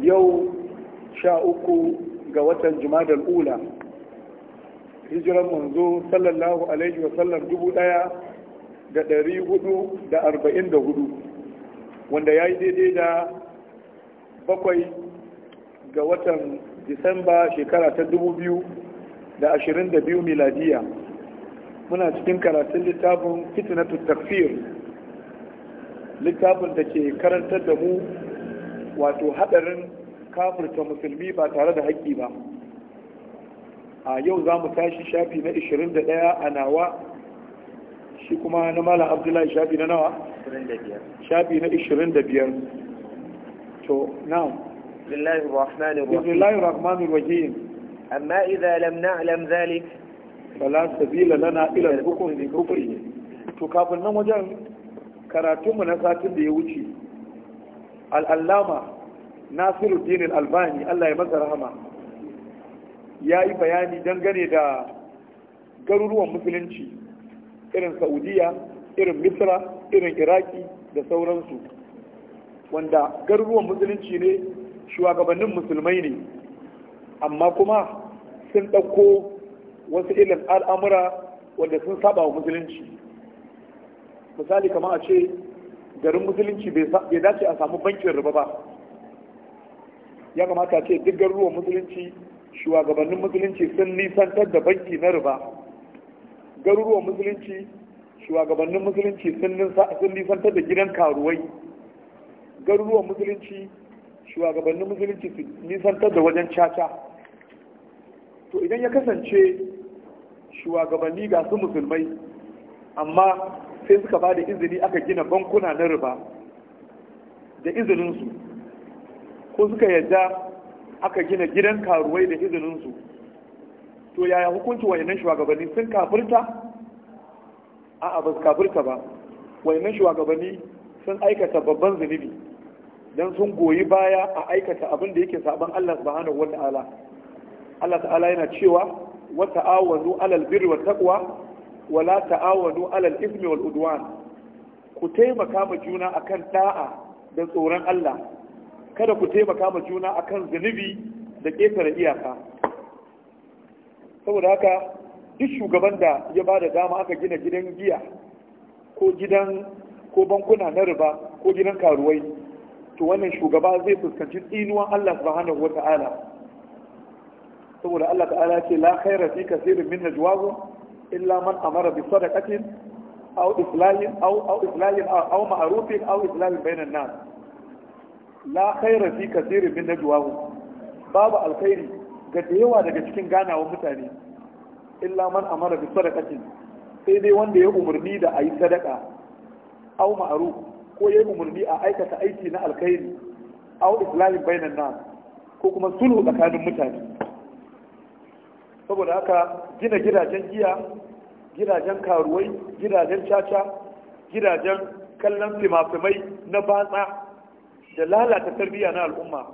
yau sha uku ga watan jumadal ula hijiran manzo sallallahu alaihi wasallam dubu daya da dari hudu da arba'in da hudu wanda ya yi daidai da bakwai ga watan disamba shekara ta dubu biyu da ashirin da biyu miladiya muna cikin karatun littafin fitinatu takfir littafin da ke karantar da mu wato hadarin kafirta musulmi ba tare da haƙƙi ba a yau za mu tashi shafi na 21 a nawa shi kuma na malam abdullahi shafi na nawa shafi na 25 to now بسم الله الرحمن الرحيم أما إذا لم نعلم ذلك فلا سبيل لنا إلى الحكم بكفره to kafin na wajen karatunmu na satin da ya wuce al'allama dinin Albani allah ya masa rahama ya yi bayani dangane da garuruwan musulunci irin saudiya irin misra irin iraki da sauransu wanda garuruwan musulunci ne shugabannin musulmai ne amma kuma sun ɗauko wasu irin al'amura wanda sun saba wa musulunci misali kama a ce garin musulunci bai dace a samu bankin riba ba ya kamata ce duk garuruwan musulunci shugabannin musulunci sun nisantar da banki na riba garuruwan musulunci shugabannin musulunci sun nisantar da gidan karuwai garuruwan musulunci shugabannin musulunci sun nisantar da wajen caca to idan ya kasance shugabanni ga su musulmai amma sai suka ba da izini aka gina bankuna na riba da izininsu ko suka yadda aka gina gidan karuwai da izininsu to yaya hukunci wayannan shugabanni sun kafirta a'a ba su kafirta ba wayannan shugabanni sun aikata babban zunubi don sun goyi baya a aikata abin da yake saban Allah subhanahu wa ta'ala Allah ta'ala yana cewa wa ta'awanu alal birri wa taqwa wala ta'awadu alal ismi wal udwan ku taimaka ma juna akan da'a da tsoron Allah kada ku taimaka ma juna akan zunubi da ƙetare iyaka saboda haka duk shugaban da ya bada dama aka gina gidan giya ko gidan ko bankuna na riba ko gidan karuwai to wannan shugaba zai fuskanci tsinuwan Allah subhanahu wata'ala saboda Allah ta'ala ce la khaira fi kaseerin min najwahum illa man أمر بصدقة أو إفلال أو أو aw أو bainan nas la khaira fi kathirin min najwahu babu alkhairi ga da yawa daga cikin ganawa mutane illa man amara bi sai dai wanda ya umarni da ayi sadaka ko ya umarni a aikata aiki na alkhairi aw islahin bainan nas ko kuma sulhu tsakanin mutane saboda haka gina gidajen giya gidajen karuwai gidajen caca gidajen kallon fimafimai na batsa da lalata tarbiyya na al'umma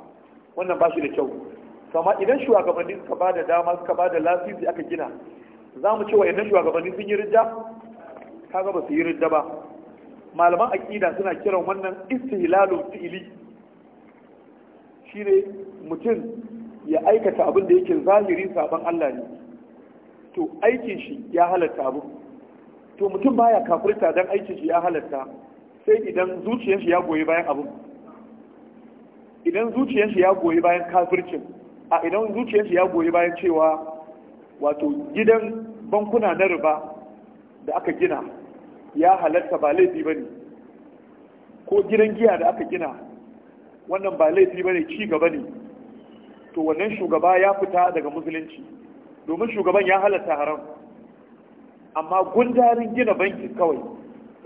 wannan ba shi da kyau kama idan shugabanni suka ba da dama suka ba da lasisi aka gina za mu cewa idan shugabanni sun yi rida kaga ba su yi rida ba malaman aƙida suna kiran wannan istihlalul fi'ili shine mutum ya aikata abin da yake zahiri saban Allah ne to aikin shi ya halatta abu to mutum baya kafirta dan aikin shi ya halatta sai idan zuciyar shi ya goyi bayan abu idan zuciyar shi ya goyi bayan kafircin a idan zuciyar shi ya goyi bayan cewa wato gidan bankuna na riba da aka gina ya halatta ba laifi bane ko gidan giya da aka gina wannan ba laifi bane ci gaba ne to wannan shugaba ya fita daga musulunci domin shugaban ya halatta haram amma gundarin gina banki kawai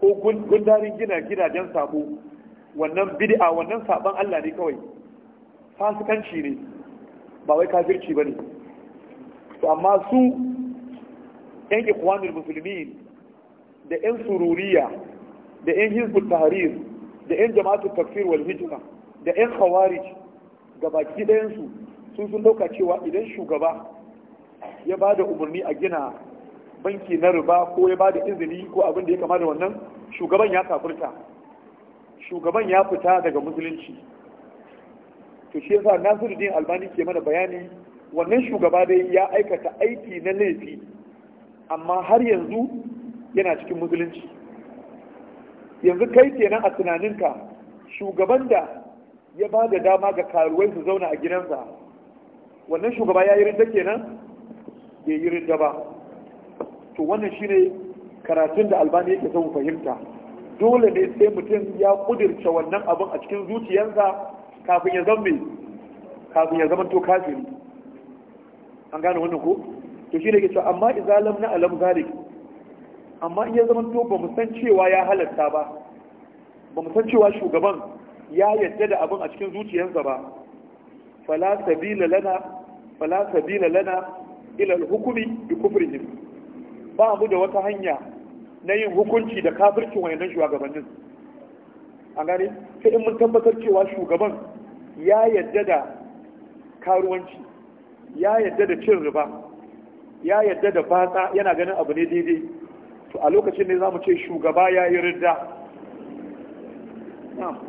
ko gundarin gina gidajen sabo wannan bid'a wannan saban Allah ne kawai fasikanci ne ba wai kafirci bane to amma su yan ikwanul musulmi da yan sururiya da yan hizbut tahrir da yan jama'atul takfir wal hijra da yan khawarij ga baki ɗayansu sun sun dauka cewa idan shugaba ya ba da umarni a gina banki na riba ko ya ba da izini ko abin da ya kama da wannan shugaban ya kafurta. shugaban ya fita daga musulunci to shi yasa din albani ke mana bayani wannan shugaba dai ya aikata aiki na laifi amma har yanzu yana cikin musulunci yanzu kai kenan a tunaninka shugaban da ya ba da dama ga karuwai su zauna a gidansa wannan shugaba ya yi rinda kenan ya yi rinda ba to wannan shine karatun da albani yake son fahimta dole ne sai mutum ya kudirce wannan abin a cikin zuciyarsa kafin ya zama kafin ya zama to kafiri an gane wannan ko to shine yake cewa amma lam na alam zalik amma in ya zama to ba mu san cewa ya halatta ba ba mu san cewa shugaban ya yadda da abin a cikin zuciyarsa ba fala sabila lana fala sabila lana ila hukumi bi kufrihim ba mu da wata hanya na yin hukunci da kafircin wayannan shugabannin an gane sai in mun tabbatar cewa shugaban ya yadda da karuwanci ya yadda da cin riba ya yadda da batsa yana ganin abu ne daidai to a lokacin ne za mu ce shugaba ya yi ridda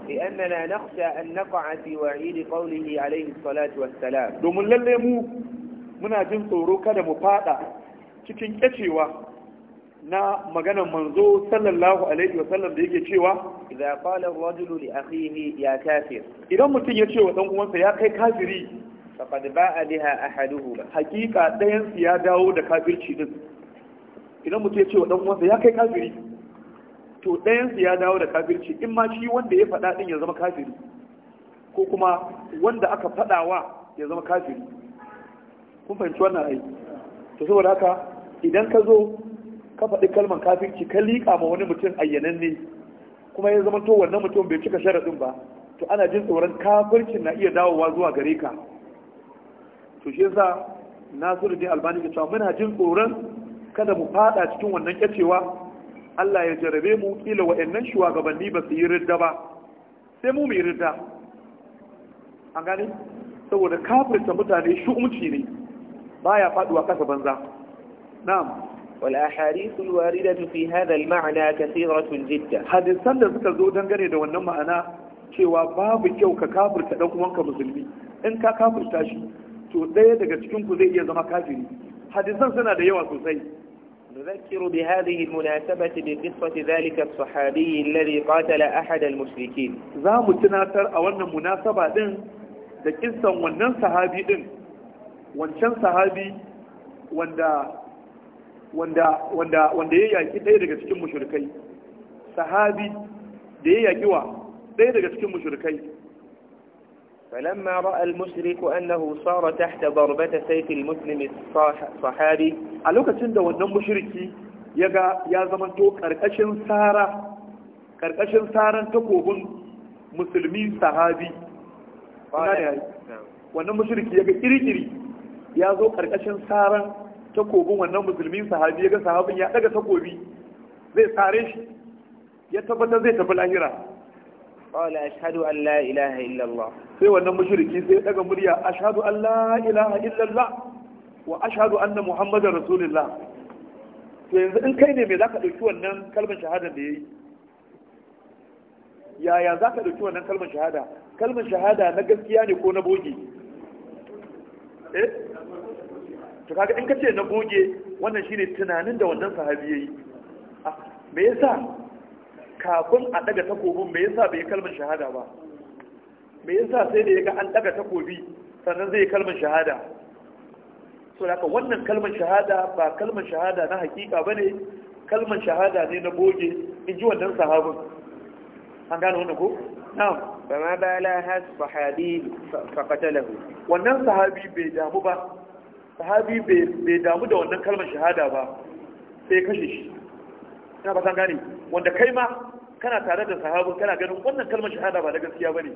لأننا نخشى أن نقع في وعيد قوله عليه الصلاة والسلام domin lalle mu muna jin tsoro kada mu faɗa. cikin kacewa na maganar manzo sallallahu alaihi wa sallam da yake cewa idza qala ar-rajulu li akhihi ya kafir idan mutum ya ce wa dan uwansa ya kai kafiri faqad ba'a biha ahaduhuma hakika dayan ya dawo da kafirci din idan mutum ya ce wa dan uwansa ya kai kafiri to ɗayansu ya dawo da kafirci in ma shi wanda ya faɗa ɗin ya zama kafiri ko kuma wanda aka faɗawa ya zama kafiri kun fahimci wannan ai to saboda haka idan ka zo ka faɗi kalmar kafirci ka liƙa ma wani mutum ayyananne kuma ya zama to wannan mutum bai cika sharaɗin ba to ana jin tsoron kafircin na iya dawowa zuwa gare ka to shi yasa nasiru ne albani ya cewa muna jin tsoron kada mu fada cikin wannan kyacewa Allah ya jarabe mu kila wa'annan shugabanni ba su yi ridda ba sai mu mu yi ridda an gani saboda kafirta mutane shu'umci ne baya faduwa kasa banza na'am والأحاديث الواردة في هذا المعنى كثيرة جدا حديثاً da suka zo dangane da wannan ma'ana cewa babu kyau ka kafirta dan uwanka musulmi in ka kafirta shi to ɗaya daga cikin ku zai iya zama kafiri hadisan suna da yawa sosai نذكر بهذه المناسبة بقصة ذلك الصحابي الذي قاتل أحد المشركين زام التناثر أولنا مناسبة دين da kissan wannan sahabi ɗin: wancan sahabi wanda ya yaki ɗaya daga cikin mushrikai sahabi da ya yaki ɗaya daga cikin mushrikai فلما رأى المشرك أنه صار تحت ضربة سيف المسلم الصحابي على لوكا تندى مشركي يقى يا زمن تو كركشن سارة كركشن سارة تقوبن مسلمين صحابي wannan mushriki yaga kirkiri ya zo karkashin saran takobin wannan musulmin sahabi yaga sahabin ya daga takobi zai sare ya tabbatar zai tafi lahira qala ashhadu an la ilaha illallah sai wannan mushriki sai daga murya ashhadu an la ilaha illallah wa ashhadu anna Muhammadu rasulullah to yanzu in kai ne me ka ɗauki wannan kalmar shahada da ya yi? yaya za ka ɗauki wannan kalmar shahada kalmar shahada na gaskiya ne ko na boge eh to kaga in ka ce na boge wannan shi ne tunanin da wannan sahabi ya yi. yayi ah, me yasa kafin a daga takobin me yasa bai kalmar shahada ba me yasa sai da ga an daga takobi sannan zai kalmar shahada so haka wannan kalmar shahada ba kalmar shahada na hakika ba ne? kalmar shahada ne na goge. in ji wannan sahabin an gane wannan ko na'am ba ma la has hadi fa qatalahu wannan sahabi bai damu ba sahabi bai damu da wannan kalmar shahada ba sai kashe shi ina ba san gane wanda kai ma kana tare da sahabin kana ganin wannan kalmar shahada ba da gaskiya bane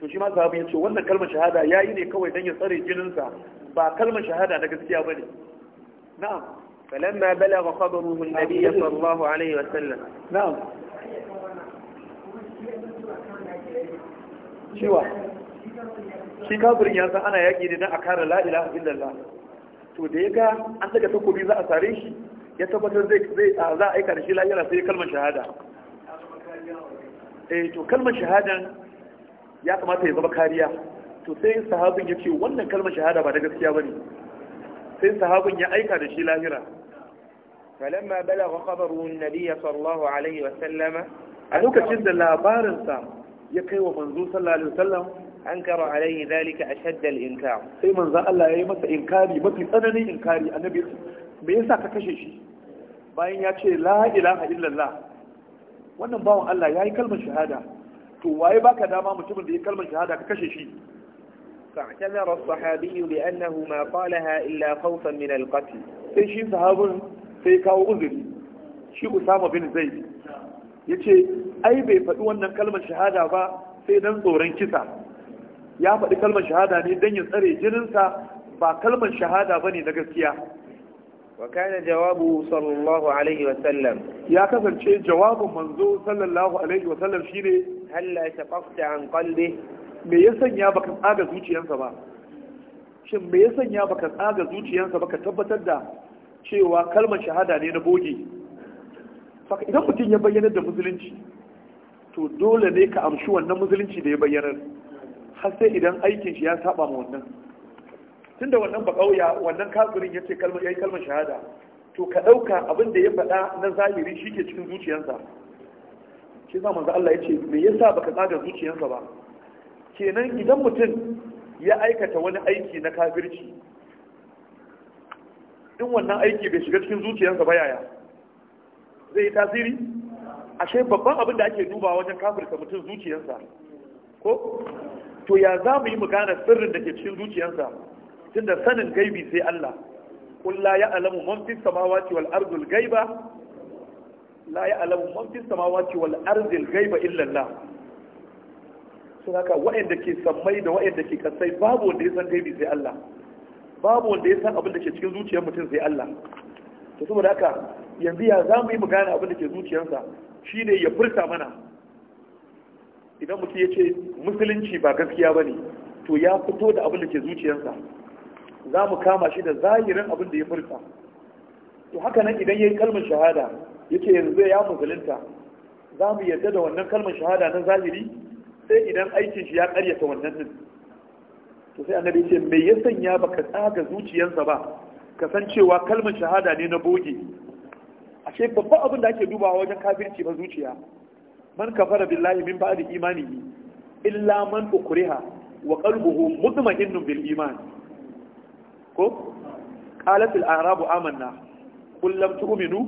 to shi ma sahabi yace wannan kalmar shahada ya yi ne kawai dan ya tsare jininsa ba kalmar shahada da gaskiya bane na'am falamma balagha khabaruhu an-nabiy sallallahu alaihi wa sallam na'am cewa shi kafirin ya san ana yaki ne dan a kare la ilaha illallah to da ya ga an daga takobi za a sare shi ya tabbatar zai zai za a aika da shi lahira sai kalmar shahada eh to kalmar shahadan ya kamata ya zama kariya to sai sahabin ya ce wannan kalmar shahada ba da gaskiya bane sai sahabin ya aika da shi lahira falamma balagha khabaru an-nabiy sallallahu alaihi wa sallama a lokacin da labarinsa ya kai wa manzo sallallahu alaihi wa sallam أنكر عليه ذلك أشد الإنكار سيما ذا الله يمس إنكاري ما في أنني إنكاري النبي me yasa ka kashe shi bayan ya ce la ilaha illallah wannan bawan Allah ya yi kalmar shahada to waye baka dama mutumin da ya kalmar shahada ka kashe shi فاعتذر الصحابي لأنه ما قالها إلا خوفا من القتل sai shi sahabin sai kawo uzuri shi Usama bin Zaid yace ai bai faɗi wannan kalmar shahada ba sai dan tsoron kisa ya faɗi kalmar shahada ne dan ya tsare jininsa ba kalmar shahada ba ne na gaskiya wa kana jawabu sallallahu alaihi wa sallam ya kasance jawabu manzo sallallahu alaihi wa sallam shine halla shaqaqta an qalbi me ya sanya baka tsaga zuciyarsa ba shin me ya sanya baka tsaga zuciyarsa baka tabbatar da cewa kalmar shahada ne na boge saka idan mutum ya bayyana da musulunci to dole ne ka amshi wannan musulunci da ya bayyana har sai idan aikin shi ya saba ma wannan tunda wannan ba kauya wannan kafirin yace kalmar yayi kalmar shahada to ka dauka abin da ya faɗa na zahiri shi ke cikin zuciyarsa shi sa manzo Allah yace me yasa baka tsaga zuciyarsa ba kenan idan mutum ya aikata wani aiki na kafirci in wannan aiki bai shiga cikin zuciyarsa ba yaya zai yi tasiri ashe babban abin da ake duba wajen kafirta mutum zuciyarsa ko to ya za mu yi mu gane sirrin da ke cikin zuciyarsa tunda sanin gaibi sai Allah qul la ya'lamu man fis samawati wal ardil gaiba? la ya'lamu man fis samawati wal ardil gaiba illa Allah sun haka waɗanda ke sammai da waɗanda ke kasai babu wanda ya san gaibi sai Allah babu wanda ya san abin da ke cikin zuciyar mutum sai Allah to saboda haka yanzu ya za mu yi mu gane abin da ke zuciyarsa shine ya furta mana idan mutum ya ce musulunci ba gaskiya ba ne to ya fito da abin da ke zuciyarsa za mu kama shi da zahirin abin da ya furta to haka nan idan ya yi kalmar shahada yake yanzu ya musulunta za mu yarda da wannan kalmar shahada na zahiri sai idan aikin shi ya karyata wannan din to sai annabi ce me ya sanya baka tsaga zuciyarsa ba kasancewa kalmar shahada ne na boge ashe babban abin da ake dubawa wajen kafirci ba zuciya man kafara billahi min ba'di imanihi illa man ukriha wa qalbuhu mutma'innun bil iman ko qalatul a'rabu amanna kullum lam tu'minu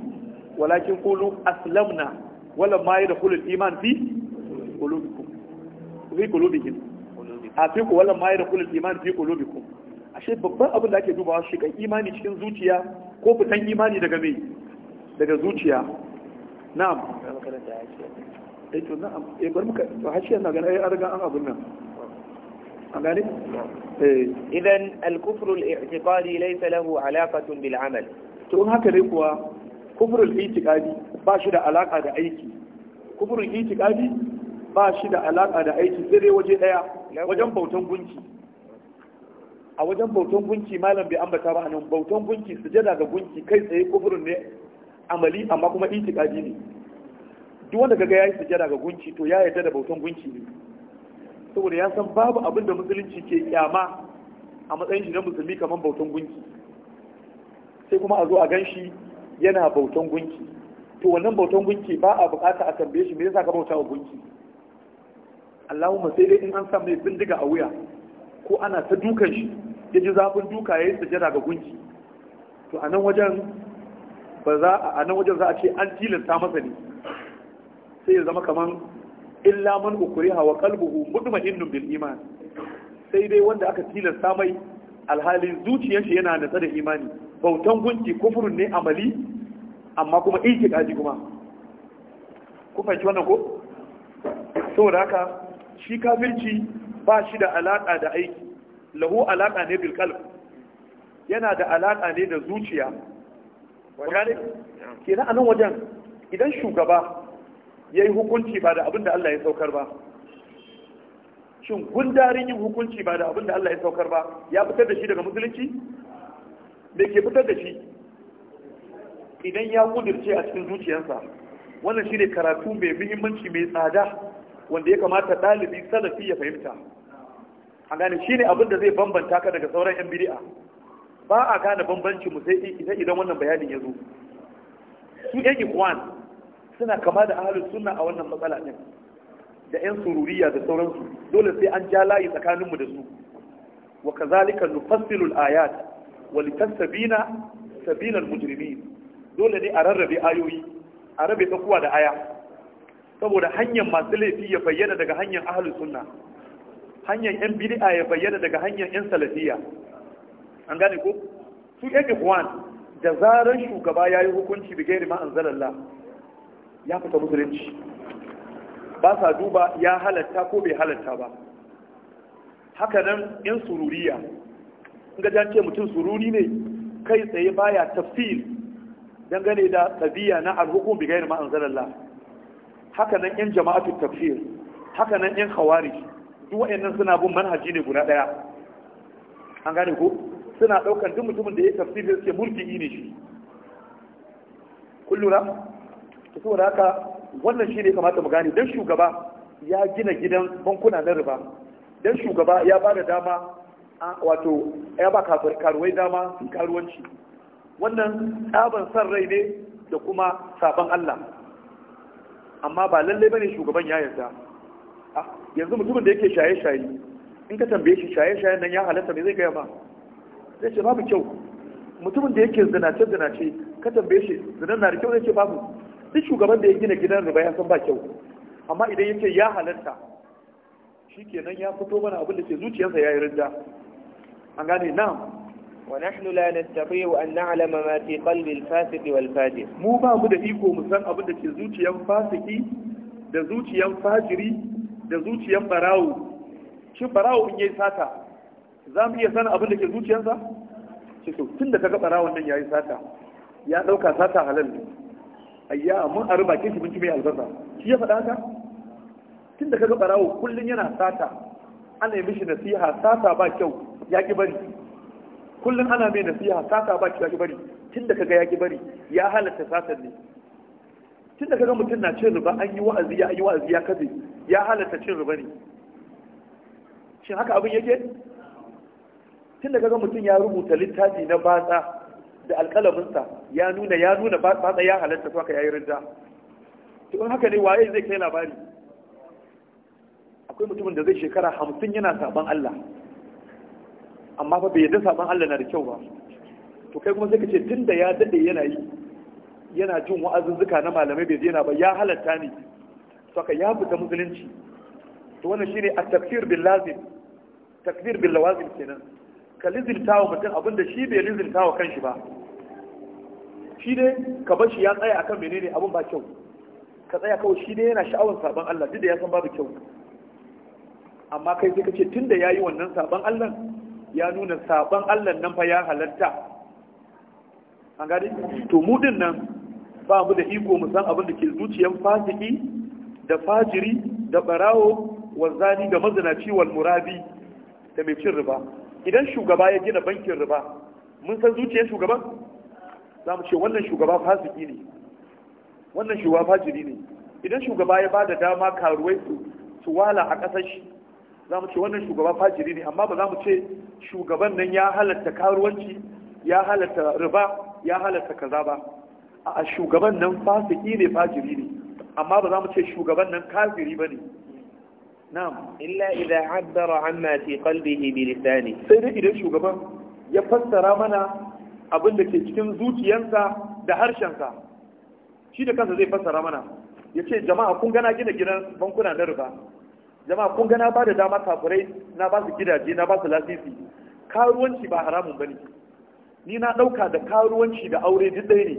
walakin qulu aslamna wala ma yadkhulu al-iman fi qulubikum fi qulubihim a fi ku wala ma yadkhulu al-iman fi qulubikum ashe babban abin da ake dubawa shi kan imani cikin zuciya ko fitan imani daga mai daga zuciya na'am eh to na'am eh bar muka to har shi yana ganin ai eh, an an abun nan Eh. idan al-kufru al lahu alaqatun bil amal to in haka ne kuwa kufru al ba shi da alaka da aiki kufru al ba shi da alaka da aiki sai dai waje daya wajen bautan gunki a wajen bautan gunki malam bai ambata ba anan bautan gunki sujada ga gunki kai tsaye kufrun ne amali amma kuma i'tiqadi ne duk wanda kaga yayi sujada ga gunki to ya yarda da bautan gunki ne saboda ya san babu abin da musulunci ke kyama a matsayin shi na musulmi kamar bautan gunki sai kuma a zo a gan shi yana bautan gunki to wannan bautan gunki ba a bukata a tambaye shi me yasa ka bauta wa gunki Allahumma sai dai in an san mai bindiga a wuya ko ana ta dukan shi ya ji zafin duka ya yi sujada ga gunki to a nan wajen ba za a nan wajen za a ce an tilasta masa ne sai ya zama kaman illa man ukriha wa qalbuhu mutma'innun bil iman sai dai wanda aka tilasta mai alhalin zuciyar shi yana nasa da imani bautan gunki kufurin ne amali amma kuma itiqadi kuma ku fahimci wannan ko saboda haka shi kafirci ba shi da alaka da aiki lahu alaka ne bil qalb yana da alaka ne da zuciya kenan anan wajen idan shugaba ya yi hukunci ba da abin da Allah ya saukar ba shin gundarin yin hukunci ba da abin da Allah ya saukar ba ya fitar da shi daga musulunci me ke fitar da shi idan ya kudirce a cikin zuciyarsa wannan shi ne karatu mai muhimmanci mai tsada wanda ya kamata ɗalibi salafi ya fahimta a gane ne abin da zai bambanta ka daga sauran yan biri'a. ba a gane bambancin mu sai idan wannan bayanin ya zo su yan ikwan suna kama da ahalus suna a wannan matsala ɗin da yan sururiya da sauransu dole sai an ja layi tsakaninmu da su wa kazalika nufassilu al-ayat wa litasbina sabina al-mujrimin dole ne a rarrabe ayoyi a rabe tsakuwa da aya saboda hanyar masu laifi ya bayyana daga hanyar ahalus sunna hanyar yan bid'a ya bayyana daga hanyar yan salafiyya an gane ko su yan ikhwan da zaran shugaba yayi hukunci bi gairi ma anzalallah ya fita musulunci ba sa duba ya halatta ko bai halatta ba haka nan yan sururiya in ga ce mutum sururi ne kai tsaye baya tafsir dangane da tabiya na alhukum bi gairi ma'anzalallah haka nan yan jama'atu tafsir haka yan khawarij duk wayannan suna bin manhaji ne guda daya an gane ko suna daukan duk mutumin da ya tafsir sai mulki ne shi ra. so saboda haka wannan shi ne kamata mu gane don shugaba ya gina gidan bankuna na riba don shugaba ya ba da dama wato ya ba karuwai dama karuwanci wannan tsaban san rai ne da kuma sabon Allah amma ba lallai bane shugaban ya yarda yanzu mutumin da yake shaye-shaye in ka tambaye shi shaye shaye nan ya halatta ne zai gaya ba zai ce babu kyau mutumin da yake zinace-zinace ka tambaye shi zinan na da kyau zai ce babu duk shugaban da ya gina gidan riba ya san ba kyau amma idan ya ce ya halatta shi nan ya fito mana abin da ke zuciyarsa ya yi rinda an gane na wa nahnu la nastati wa an na'lama ma fi qalbi al-fasiq wal fajir mu ba mu da iko mu san abin da ke zuciyar fasiki da zuciyar fajiri da zuciyar barawo shi barawo in yayi sata za mu iya sanin abin da ke zuciyarsa ce to kaga barawon nan yayi sata ya dauka sata halal ne ayya mun ari rubake shi mun ci mai albasa shi ya faɗa haka tunda kaga barawo kullun yana sata ana yi mishi nasiha sata ba kyau ya ki bari kullun ana mai nasiha sata ba kyau ya ki bari tunda kaga ya ki bari ya halatta satan ne tunda kaga mutum na cin riba an yi wa'azi ya yi wa'azi ya kaze ya halatta cin riba ne shin haka abin yake tunda kaga mutum ya rubuta littafi na batsa da alƙalaminsa ya nuna ya nuna ba tsaya halatta to haka yayi rinda to in haka ne waye zai kai labari akwai mutumin da zai shekara hamsin yana saban Allah amma fa bai yadda saban Allah na da kyau ba to kai kuma sai ka ce tunda ya dade yana yi yana jin wa'azuzzuka na malamai bai daina ba ya halatta ne to ya fita musulunci to wannan shine at-takfir bil lazim takfir bil lawazim kenan ka lizilta mutum abinda shi bai lizilta wa kanshi ba shi dai ka bar shi ya tsaya akan menene abin ba kyau ka tsaya kawai shi dai yana sha'awar sabon Allah duk da ya san babu kyau amma kai sai ka ce tunda yi wannan sabon Allah ya nuna sabon Allah nan fa ya halatta an gani to mu nan ba mu da iko mu san abin da ke zuciyar fasiki da fajiri da barawo wanzani da mazinaci wal murabi da mai cin riba idan shugaba ya gina bankin riba mun san zuciyar shugaban za mu ce wannan shugaba fasiki ne wannan shugaba fajiri ne idan shugaba ya ba da dama karuwai su wala a ƙasar shi za mu ce wannan shugaba fajiri ne amma ba za mu ce shugaban nan ya halatta karuwanci ya halatta riba ya halatta kaza ba a shugaban nan fasiki ne fajiri ne amma ba za mu ce shugaban nan kafiri ba ne na'am illa idza addara amma fi qalbihi bi lisani sai da idan shugaban ya fassara mana abin da ke cikin zuciyarsa da harshensa shi da kansa zai fassara mana ya ce jama'a kun gana gina gidan bankuna na riba jama'a kun gana ba da dama tafurai na ba su gidaje na ba su lasisi karuwanci ba haramun ba ne ni na ɗauka da karuwanci da aure duk ɗaya ne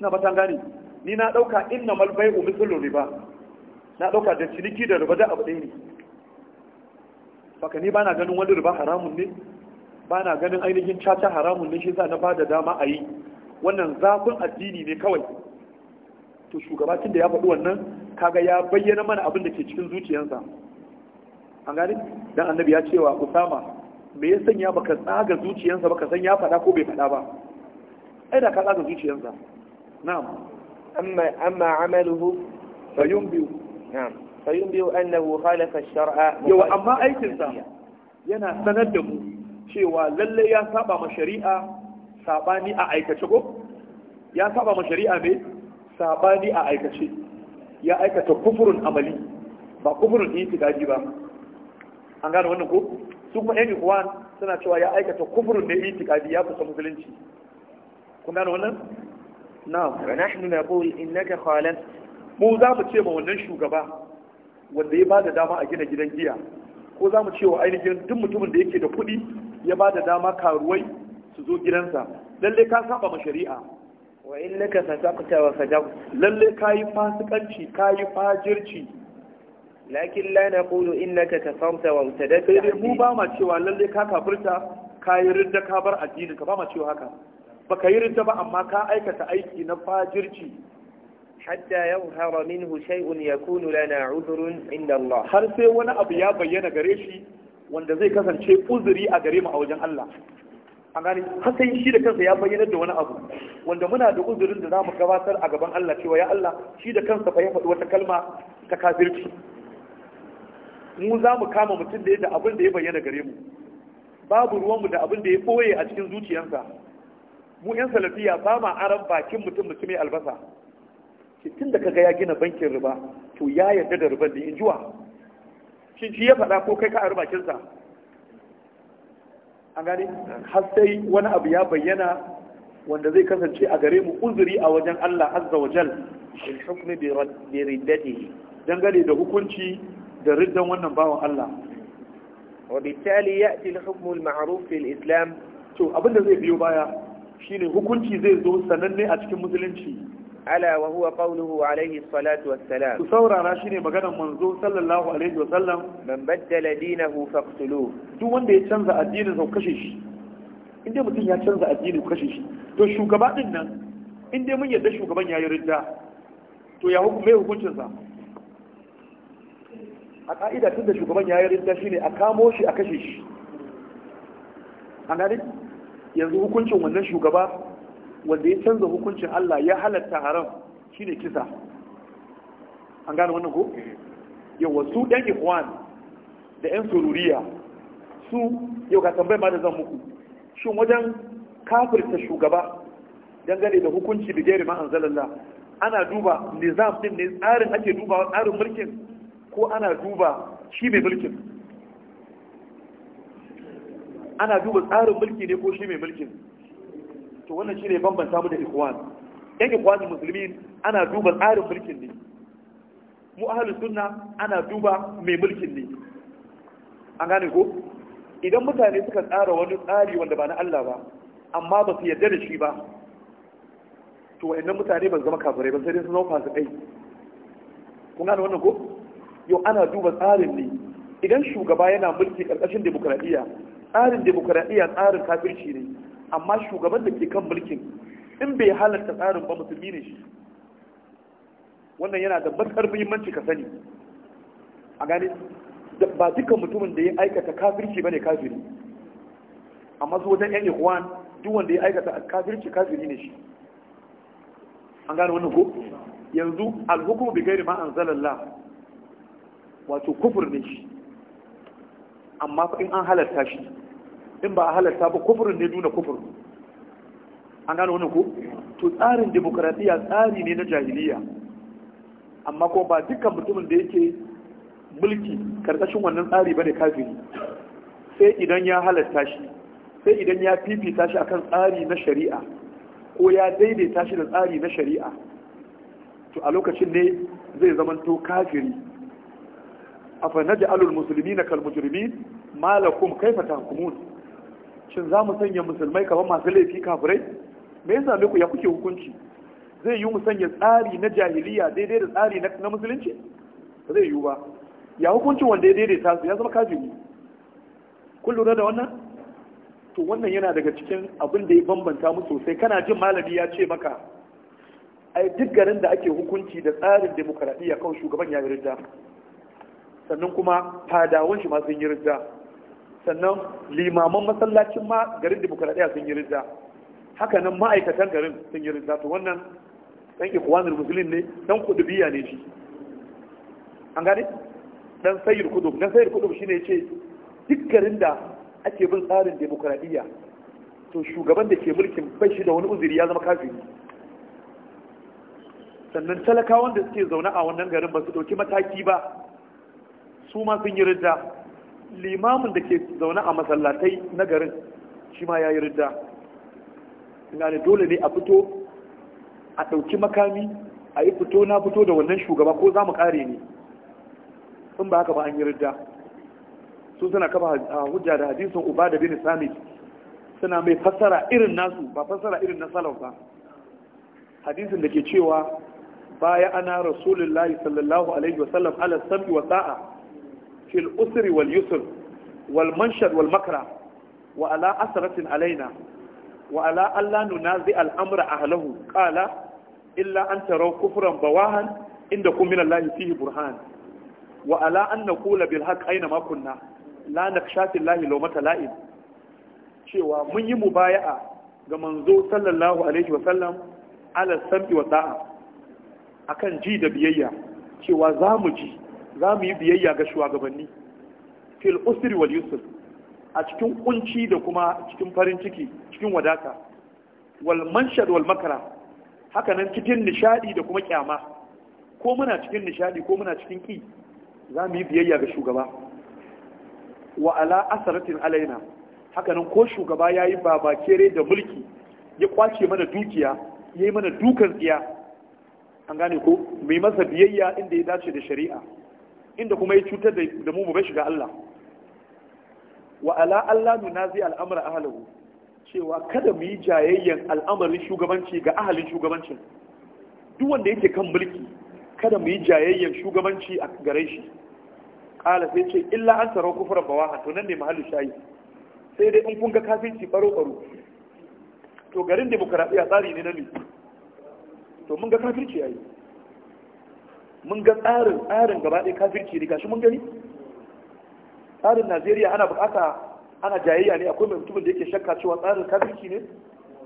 na batan gane ni na ɗauka inna malbai umisulun riba na ɗauka da ciniki da riba da abu ɗaya ne baka ni ba na ganin wani riba haramun ne ba na ganin ainihin caca haramun ne shi za na ba da dama a yi wannan zafin addini ne kawai to shugabacin da ya faɗi wannan kaga ya bayyana mana abin da ke cikin zuciyarsa an gani dan annabi ya cewa usama me ya sanya baka tsaga zuciyarsa baka san ya faɗa ko bai faɗa ba ai da ka tsaga zuciyarsa na'am amma amma amaluhu fayumbi na'am fayumbi annahu khalafa ash-shar'a yawa amma aikinsa yana sanar da mu cewa lalle ya saba ma shari'a sabani a aikace ko ya saba ma shari'a ne sabani a aikace ya aikata kufurin amali ba kufurin itikadi ba an gane wannan ko su kuma yan ikwan suna cewa ya aikata kufurin ne itikadi ya kusa musulunci kun gane wannan na'am wa nahnu na innaka khalaf mu za mu ce ma wannan shugaba wanda ya bada dama a gina gidan giya ko za mu ce wa ainihin duk mutumin da yake da kuɗi ya ba da dama karuwai su zo gidansa lalle ka saba ma shari'a wa innaka fasaqta wa fajaqta lalle kai fasikanci kai fajirci lakin la naqulu innaka kafarta wa mutadakka sai mu ba ma cewa lalle ka kafirta kai ridda ka bar addini ka ba ma cewa haka baka yi ridda ba amma ka aikata aiki na fajirci hatta yuzhara minhu shay'un yakunu lana 'udhrun inda Allah har sai wani abu ya bayyana gare shi wanda zai kasance uzuri a gare mu a wajen Allah an gani hasan shi da kansa ya bayyana da wani abu wanda muna da uzurin da zamu gabatar a gaban Allah cewa ya Allah shi da kansa fa ya faɗi wata kalma ta kafirci mu za mu kama mutum da yadda abin da ya bayyana gare mu babu ruwan mu da abin da ya ɓoye a cikin zuciyarsa mu 'yan salafiya ba ma aran bakin mutum mutum mai albasa tun da kaga ya gina bankin riba to ya yarda da riban da injuwa shi shi ya faɗa ko kai ka a bakinsa A gani. har sai wani abu ya bayyana wanda zai kasance a gare mu uzuri a wajen Allah azza wa jal in hukmi bi dangane da hukunci da riddan wannan bawan Allah wa bitali ya'ti al hukmu al ma'ruf al islam to abinda zai biyo baya shine hukunci zai zo sananne a cikin musulunci ala wa huwa qawluhu alayhi salatu wassalam ku saurara shine maganar manzo sallallahu alaihi wasallam man baddala dinahu faqtuluhu duk wanda ya canza addinin sa kashe shi inda mutum ya canza addinin kashe shi to shugaba din nan inda mun yadda shugaban yayi ridda to ya hukume hukuncin sa a ka'ida tunda shugaban yayi ridda shine a kamo shi a kashe shi A yanzu hukuncin wannan shugaba wanda ya canza hukuncin Allah ya halatta haram shine kisa an gane wannan ko yawa su ɗan ikwan da yan sururiya su yau ka tambayi ma da zan muku shin wajen kafirta shugaba dangane da hukunci da gari ma'an zalalla ana duba nizam din ne tsarin ake duba tsarin mulkin ko ana duba shi mai mulkin ana duba tsarin mulki ne ko shi mai mulkin to wannan shine bambanta mu da ikhwan yan ikhwan musulmi ana duba tsarin mulkin ne mu ahlus sunna ana duba mai mulkin ne an gane ko idan mutane suka tsara wani tsari wanda ba na Allah ba amma ba su yarda da shi ba to wayannan mutane ba zama kafirai ba sai dai sun zama kai. kun gane wannan ko yau ana duba tsarin ne idan shugaba yana mulki karkashin demokradiyya tsarin demokradiyya tsarin kafirci ne amma shugaban da ke kan mulkin in bai halarta tsarin ba musulmi ne shi wannan yana da matsar muhimmanci ka sani a gane ba dukkan mutumin da ya aikata kafirci ne kafiri amma su wajen yan ikwan duk wanda ya aikata kafirci kafiri ne shi an gane wannan ko yanzu alhukumu bi gairi ma anzalallah wato kufur ne shi amma fa in an halarta shi in ba a halarta ba kufurin ne nuna kufur an gano wani ko to tsarin demokradiyya tsari ne na jahiliya amma ko ba dukkan mutumin da yake mulki karkashin wannan tsari ba bane kafiri sai idan ya halarta shi sai idan ya fifita shi akan tsari na shari'a ko ya daidaita shi da tsari na shari'a to a lokacin ne zai zamanto kafiri afa naj'alul muslimina kal mujrimin malakum kaifa tahkumun shin za mu sanya musulmai kamar masu laifi kafirai me yasa me ku ya kuke hukunci zai yi mu sanya tsari na jahiliya daidai da tsari na musulunci ba zai yiwu ba ya hukuncin wanda ya daidaita su ya zama kafiri kun lura da wannan to wannan yana daga cikin abin da ya bambanta mu sosai kana jin malami ya ce maka ai duk garin da ake hukunci da tsarin demokradiyya kawai shugaban ya yi ridda sannan kuma fadawan shi ma sun yi ridda sannan limaman masallacin ma garin dimokuraɗiyya sun yi ridda haka nan ma'aikatan garin sun yi ridda to wannan ɗan ikuwanin musulun ne ɗan kudubiya ne shi an gane sayar kudu ɗan sayar kudu shi ne ce, duk garin da ake bin tsarin dimokuraɗiyya, to shugaban da ke mulkin bai shi da wani uzuri ya zama kafiri sannan talakawan da suke zaune a wannan garin ba su ɗauki mataki ba su ma sun yi ridda limamin da ke zaune a masallatai na garin shi ma ya yi ridda ne dole ne a fito a ɗauki makami a yi fito na fito da wannan shugaba ko za mu ƙare ne Sun ba haka ba an yi ridda sun suna kafa ah, hujja da hadisin uba da bin samit suna mai fassara irin nasu ba fassara irin na ba hadisin da ke cewa baya ana rasulullahi sallallahu alaihi wasallam ala sami wa sa'a fil usri wal yusr wal manshad wal makra wa ala asratin alaina wa ala alla nunazi al amra ahlahu qala illa an taraw kufran bawahan inda min allahi fihi burhan wa ala an naqula bil haqq aina ma kunna la cewa mun yi mubaya'a ga manzo sallallahu alaihi wa sallam ala sam'i wa da'a akan ji da biyayya cewa za mu ji za mu yi biyayya ga shugabanni fil usri wal yusr a cikin kunci da kuma cikin farin ciki cikin wadata wal manshad wal makara haka nan cikin nishadi da kuma kyama ko muna cikin nishadi ko muna cikin ki za mu yi biyayya ga shugaba wa ala asaratin alaina haka nan ko shugaba ya yi babakere da mulki ya kwace mana dukiya ya yi mana dukan tsiya an gane ko mai masa biyayya inda ya dace da shari'a inda kuma ya cutar da mu bai shiga Allah wa ala Allah nunazi al'amra ahlahu cewa kada mu yi jayayyen al'amarin shugabanci ga ahalin shugabancin duk wanda yake kan mulki kada mu yi jayayyen shugabanci a gare shi kala sai ce illa an tsaro kufra bawaha to nan ne mahallu shayi sai dai in kun ga kafinci baro baro to garin demokradiya tsari ne na ne to mun ga kafirci yayi mun ga tsarin tsarin gaba ɗaya kafirci ne gashi mun gani tsarin najeriya ana bukata ana jayayya ne akwai mai mutumin da yake shakka cewa tsarin kafirci ne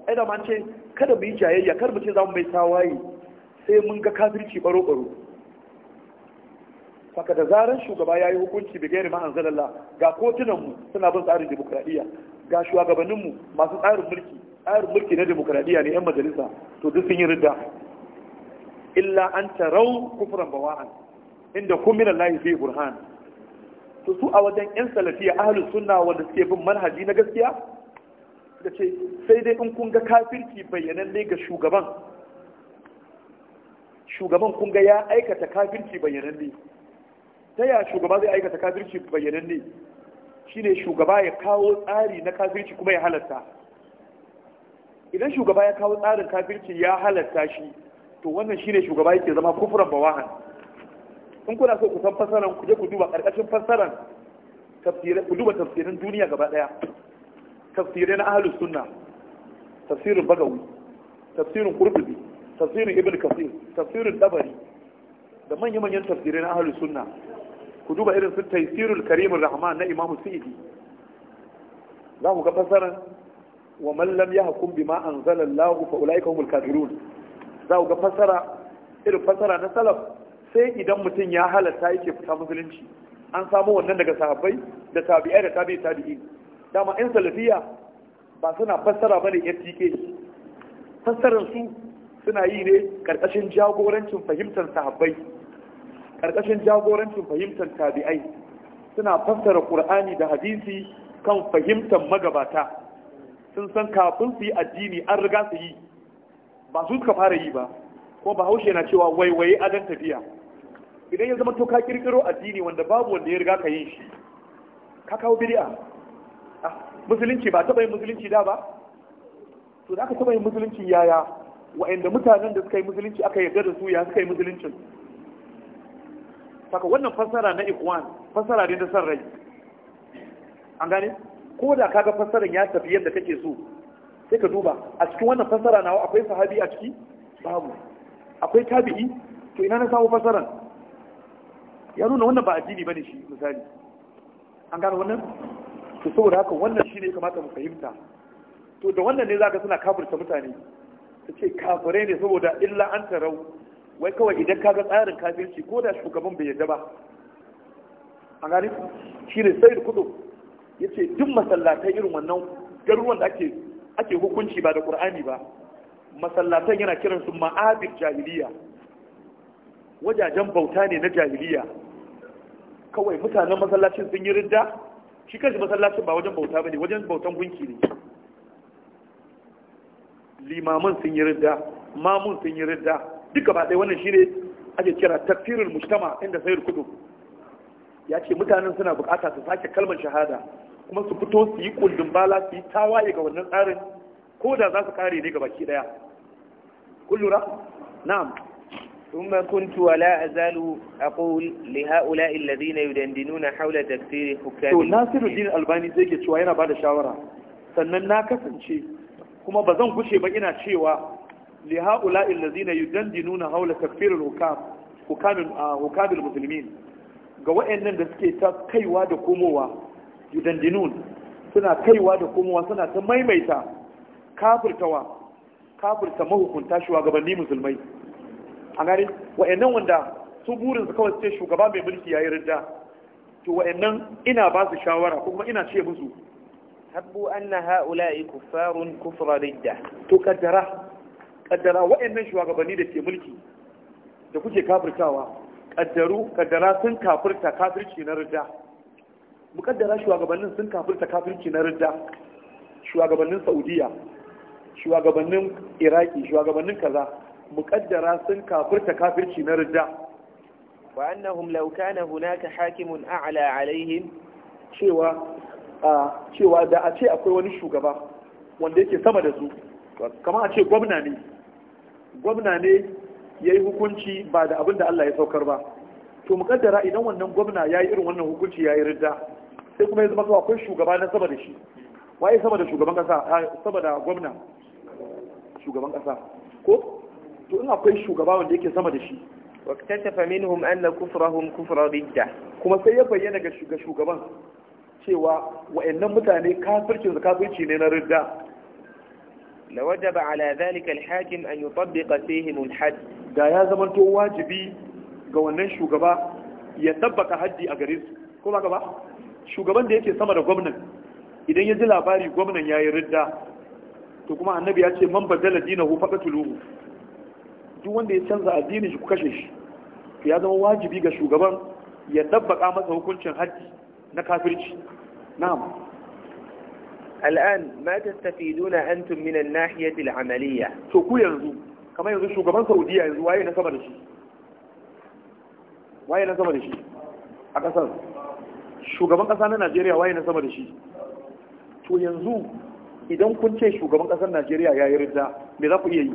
ai da man ce kada mu yi jayayya kar mu ce za mu mai tawaye sai mun ga kafirci baro baro saka da zaran shugaba ya yi hukunci bi gairi ma'an zalalla ga kotunanmu suna bin tsarin demokradiyya ga shugabanninmu masu tsarin mulki tsarin mulki na demokradiyya ne 'yan majalisa to duk sun yi ridda illa an tarau kufran bawa'an inda kun min Allah fi burhan to su a wajen yan salafiya ahlus sunna wanda suke bin manhaji na gaskiya Da ce sai dai in kun ga kafirci ne ga shugaban shugaban kun ga ya aikata kafirci ne. ta ya shugaba zai aikata kafirci bayyananne shine shugaba ya kawo tsari na kafirci kuma ya halatta idan shugaba ya kawo tsarin kafirci ya halatta shi to wannan shine shugaba yake zama kufuran bawahan in kuna so ku san fasaran ku je ku duba karkashin fasaran tafsirin ku duba tafsirin duniya gaba daya tafsirin na ahlus sunna tafsirin bagawi tafsirin qurtubi tafsirin ibn kathir tafsirin dabari da manya-manyan tafsirin na ahlus sunna ku duba irin su taysirul karimur rahman na imamu sa'idi za ku ga fasaran wa man lam yahkum bima anzala Allah fa ulaika humul kafirun za ku ga fasara irin fasara na salaf sai idan mutum ya halatta yake fita musulunci an samu wannan daga sahabbai da tabi'ai da tabi'i tabi'i dama in salafiya ba suna fassara bane FTK fassarar su suna yi ne karkashin jagorancin fahimtar sahabbai karkashin jagorancin fahimtar tabi'ai suna fassara Qur'ani da hadisi kan fahimtar magabata sun san kafin su yi addini an riga su yi ba su suka fara yi ba kuma bahaushe na cewa waiwaye dan tafiya idan ya zama to ka kirkiro addini wanda babu wanda ya riga ka yin shi ka kawo bid'a ah, musulunci ba taɓa yin musulunci da ba to da aka taɓa yin musulunci yaya wa'anda mutanen da suka yi musulunci aka yarda da su ya suka yi musuluncin saka wannan fassara na ikwan fassara ne na san rai an gane ko da kaga fassarar ya tafi yadda kake so sai ka duba a cikin wannan fasara nawa akwai sahabi a ciki babu akwai tabi'i to ina na samu fasaran ya nuna wannan ba addini bane shi misali an gane wannan to saboda haka wannan shine ya kamata mu fahimta to da wannan ne zaka suna kafirta mutane ta ce kafirai ne saboda illa an tarau wai kawai idan ka ga tsarin kafirci ko da shugaban bai yarda ba an gane shi ne sai kudu ya ce duk masallatai irin wannan garuruwan da ake ake hukunci ba da ƙur'ani ba masallatan yana kiransu ma'abir jahiliya wajajen bauta ne na jahiliya kawai mutanen masallacin sun yi ridda shi kanshi masallacin ba wajen bauta ba ne wajen bautan gunki ne Limamun sun yi ridda mamun sun yi ridda duka ba ɗaya wannan shi ne ake kira tafsirin mujtama inda sayar kudu ya ce mutanen suna bukata su sake kalmar shahada kuma su fito su yi kundin bala su yi tawaye ga wannan tsarin ko da za su kare ne ga baki daya kullura na'am ثم كنت ولا أزال أقول لهؤلاء الذين يدندنون حول تكثير حكام to Nasiru Din Albani zai ke cewa yana bada shawara sannan na kasance kuma ba zan gushe ba ina cewa لهؤلاء الذين يدندنون حول تكفير الحكام حكام حكام المسلمين ga wayannan da suke ta kaiwa da komowa yudandinun suna kaiwa da komowa suna ta maimaita kafirtawa kafirta mahukunta shugabanni musulmai a gari wa'annan wanda su burin su kawai ce shugaba mai mulki yayi ridda to wa'annan ina ba su shawara kuma ina ce musu habbu anna ha'ula'i kuffarun kufra ridda to kaddara kaddara wa'annan shugabanni da ke mulki da kuke kafirtawa kaddaru kaddara sun kafirta kafirci na ridda mukaddara shugabannin sun kafirta kafirci na ridda shugabannin saudiya shugabannin iraki shugabannin kaza mukaddara sun kafirta kafirci na ridda wa annahum law kana hunaka hakimun a'la alaihim cewa cewa da a ce akwai wani shugaba wanda yake sama da su kama a ce gwamna ne gwamna ne ya yi hukunci ba da abin da Allah ya saukar ba to mukaddara idan wannan gwamna ya yi irin wannan hukunci ya yi ridda sai kuma ya zama kawai akwai shugaba na sama da shi waye sama da shugaban kasa sama da gwamna shugaban kasa ko to in akwai shugaba wanda yake sama da shi wa katafa minhum anna kufrahum kufra ridda kuma sai ya bayyana ga shugaban cewa wa'annan mutane kafircin su kafirci ne na ridda لوجب على ذلك الحاكم أن يطبق فيهم الحد دا يا زمن تو واجبي ga wannan shugaba ya tabbaka haddi a gare su ba ka ba shugaban da yake sama da gwamnan idan ya ji labari gwamnan ya yi ridda to kuma annabi ya ce man badala faɗa faqatuluhu duk wanda ya canza addinin shi ku kashe shi to ya zama wajibi ga shugaban ya dabbaka masa hukuncin haji na kafirci na'am al'an ma tastafiduna antum min an-nahiyati al-amaliyya to ku yanzu kamar yanzu shugaban Saudiya yanzu waye na sama da shi waye na sama da shi a kasar shugaban ƙasa na najeriya waye na sama da shi to yanzu idan kun ce shugaban kasar najeriya ya yi ridda me za ku iya yi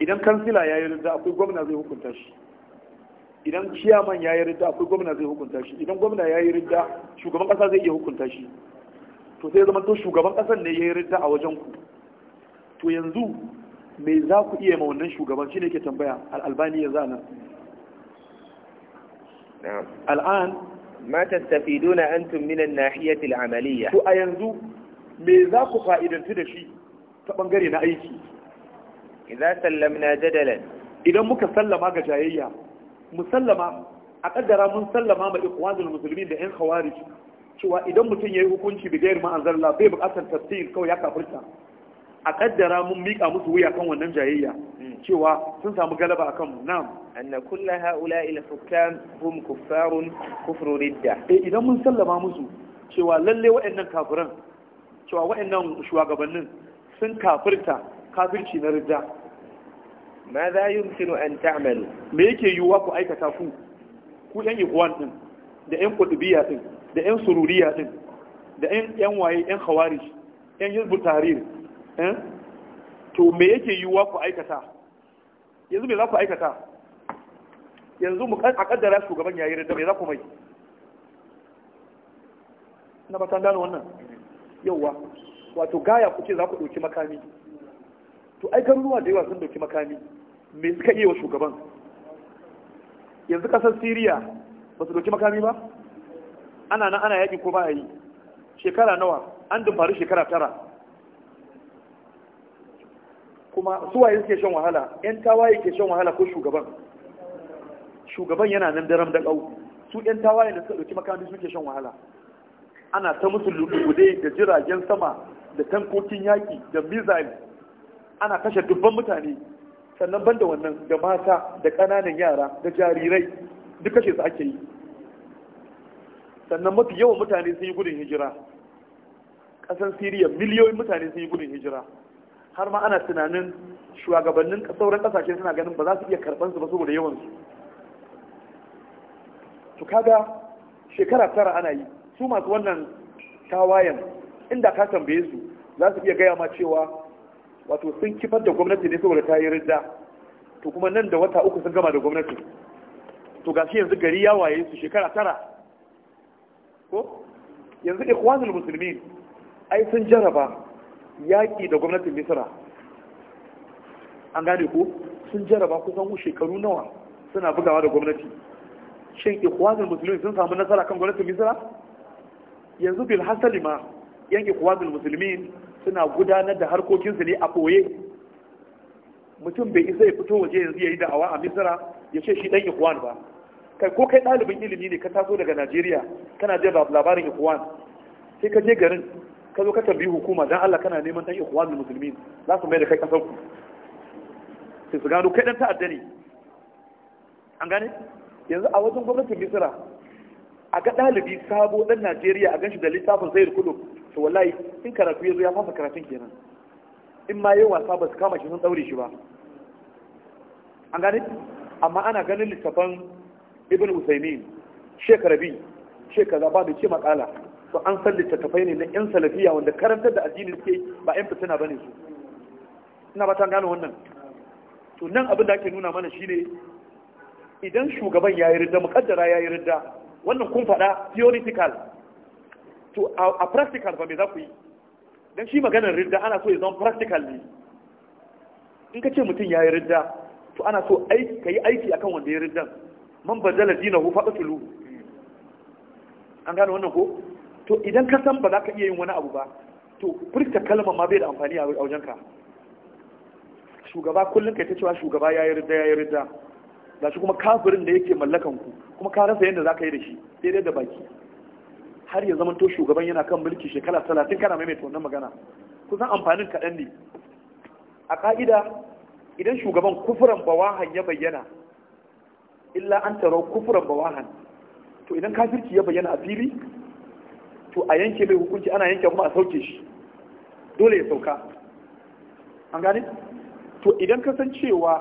idan kansila ya yi ridda akwai gwamna zai hukunta shi idan ciyaman ya yi ridda akwai gwamna zai hukunta shi idan gwamna ya yi ridda shugaban ƙasa zai iya hukunta shi to sai zama to shugaban kasar ne ya yi ridda a wajen ku to yanzu me za ku iya ma wannan shugaban shine ke tambaya al'albani yanzu nan al'an ma tastafiduna antum min an-nahiyati al-amaliyya to a yanzu me za ku fa'idantu da shi ta ɓangare na aiki idza na jadalan idan muka sallama ga jayayya musallama a kaddara mun sallama ma ikwanul musulmi da yan khawarij cewa idan mutum yayi hukunci bi gairi ma bai bukatar tafsir kawai ya kafirta a kaddara mun mika musu wuya kan wannan jayayya hmm. cewa sun samu galaba a kanmu na'am anna kulla haula ila hukam hum kuffarun kufru ridda eh idan mun sallama musu cewa lalle waɗannan kafiran cewa waɗannan shugabannin sun kafirta kafirci na ridda ma za yumkinu an ta'malu me yake yiwuwa ku aikata ku ku yan ikwan din da yan kutubiya din da yan sururiya din da yan yan waye yan khawarij yan hizbu Eh? to me yake yiwuwa ku aikata yanzu me za ku aikata yanzu mu a kaddara shugaban yayi da me za ku mai na ba ta gano wannan yauwa wato gaya kuke za ku ɗauki makami to ai garuruwa da yawa sun ɗauki makami me suka iya wa shugaban yanzu ƙasar siriya ba su ɗauki makami ba ana nan ana yaƙi ko ba a yi shekara nawa an dumfari shekara tara kuma suwaye suke shan wahala yan tawaye ke shan wahala ko shugaban shugaban yana nan daram da ƙau su yan tawaye da suka ɗauki makami suke shan wahala ana ta musu lugude da jiragen sama da tankokin yaƙi da mizali ana kashe dubban mutane sannan ban da wannan da mata da ƙananan yara da jarirai duk kashe su ake yi sannan mafi yawan mutane sun yi gudun hijira ƙasan siriya miliyoyin mutane sun yi gudun hijira har ma ana tunanin shugabannin sauran kasashe suna ganin ba za su iya karban su ba saboda yawan su to kaga shekara tara ana yi su masu wannan tawayen inda ka tambaye su za su iya gaya ma cewa wato sun kifar da gwamnati ne saboda ta yi ridda to kuma nan da wata uku sun gama da gwamnati to gashi yanzu gari ya waye su shekara tara ko yanzu ikhwanul muslimin ai sun jaraba yaƙi da gwamnatin Misira. an gane ko sun jaraba kusan shekaru nawa suna bugawa da gwamnati shin ikhwanul musulmi sun samu nasara kan gwamnatin Misira? yanzu bil hasali ma yan ikhwanul musulmi suna gudanar da harkokinsu ne a ɓoye mutum bai isa ya fito waje yanzu ya yi da'awa a Misira ya ce shi dan ikhwan ba kai ko kai ɗalibin ilimi ne ka taso daga najeriya kana jin labarin ikhwan sai ka je garin ka zo ka tambayi hukuma dan Allah kana neman dan ikhwanul musulmin za su mai da kai kasar ku sai su gano kai dan ta'adda ne an gane yanzu a wajen gwamnatin Misira a ga ɗalibi sabo ɗan Najeriya a ganshi da littafin sayar kudu to wallahi in karatu ya zo ya fasa karatun kenan in ma yawa wasa ba su kama shi sun ɗaure shi ba an gane amma ana ganin littafan ibn usaimin shekarabi shekara ba da ce makala So an san littattafai ne na yan salafiya wanda karantar da addini suke ba yan fitina bane su ina ba ta gano wannan to nan abin da ake nuna mana shi ne, idan shugaban ya yi ridda mukaddara ya yi ridda wannan kun faɗa theoretical to a practical ba me za ku yi dan shi maganar ridda ana so ya zama practical ne in ka ce mutum ya yi ridda to ana so ka yi aiki akan wanda ya yi riddan man bazala dinahu tulu. an gano wannan ko to idan ka san ba za ka iya yin wani abu ba to furta kalmar ma bai da amfani a wajen ka. shugaba kullum kai ta cewa shugaba ya yi ridda ya yi ridda ga shi kuma kafirin da yake mallakan ku kuma ka rasa yadda za ka yi da shi sai dai da baki har ya zama to shugaban yana kan mulki shekara talatin kana maimaita wannan magana kusan amfanin kaɗan ne a ƙa'ida idan shugaban kufuran bawahan ya bayyana illa an tarau kufuran bawahan to idan kafirci ya bayyana a fili to a yanke mai hukunci ana yanke kuma a sauke shi dole ya sauka an gane to idan ka san cewa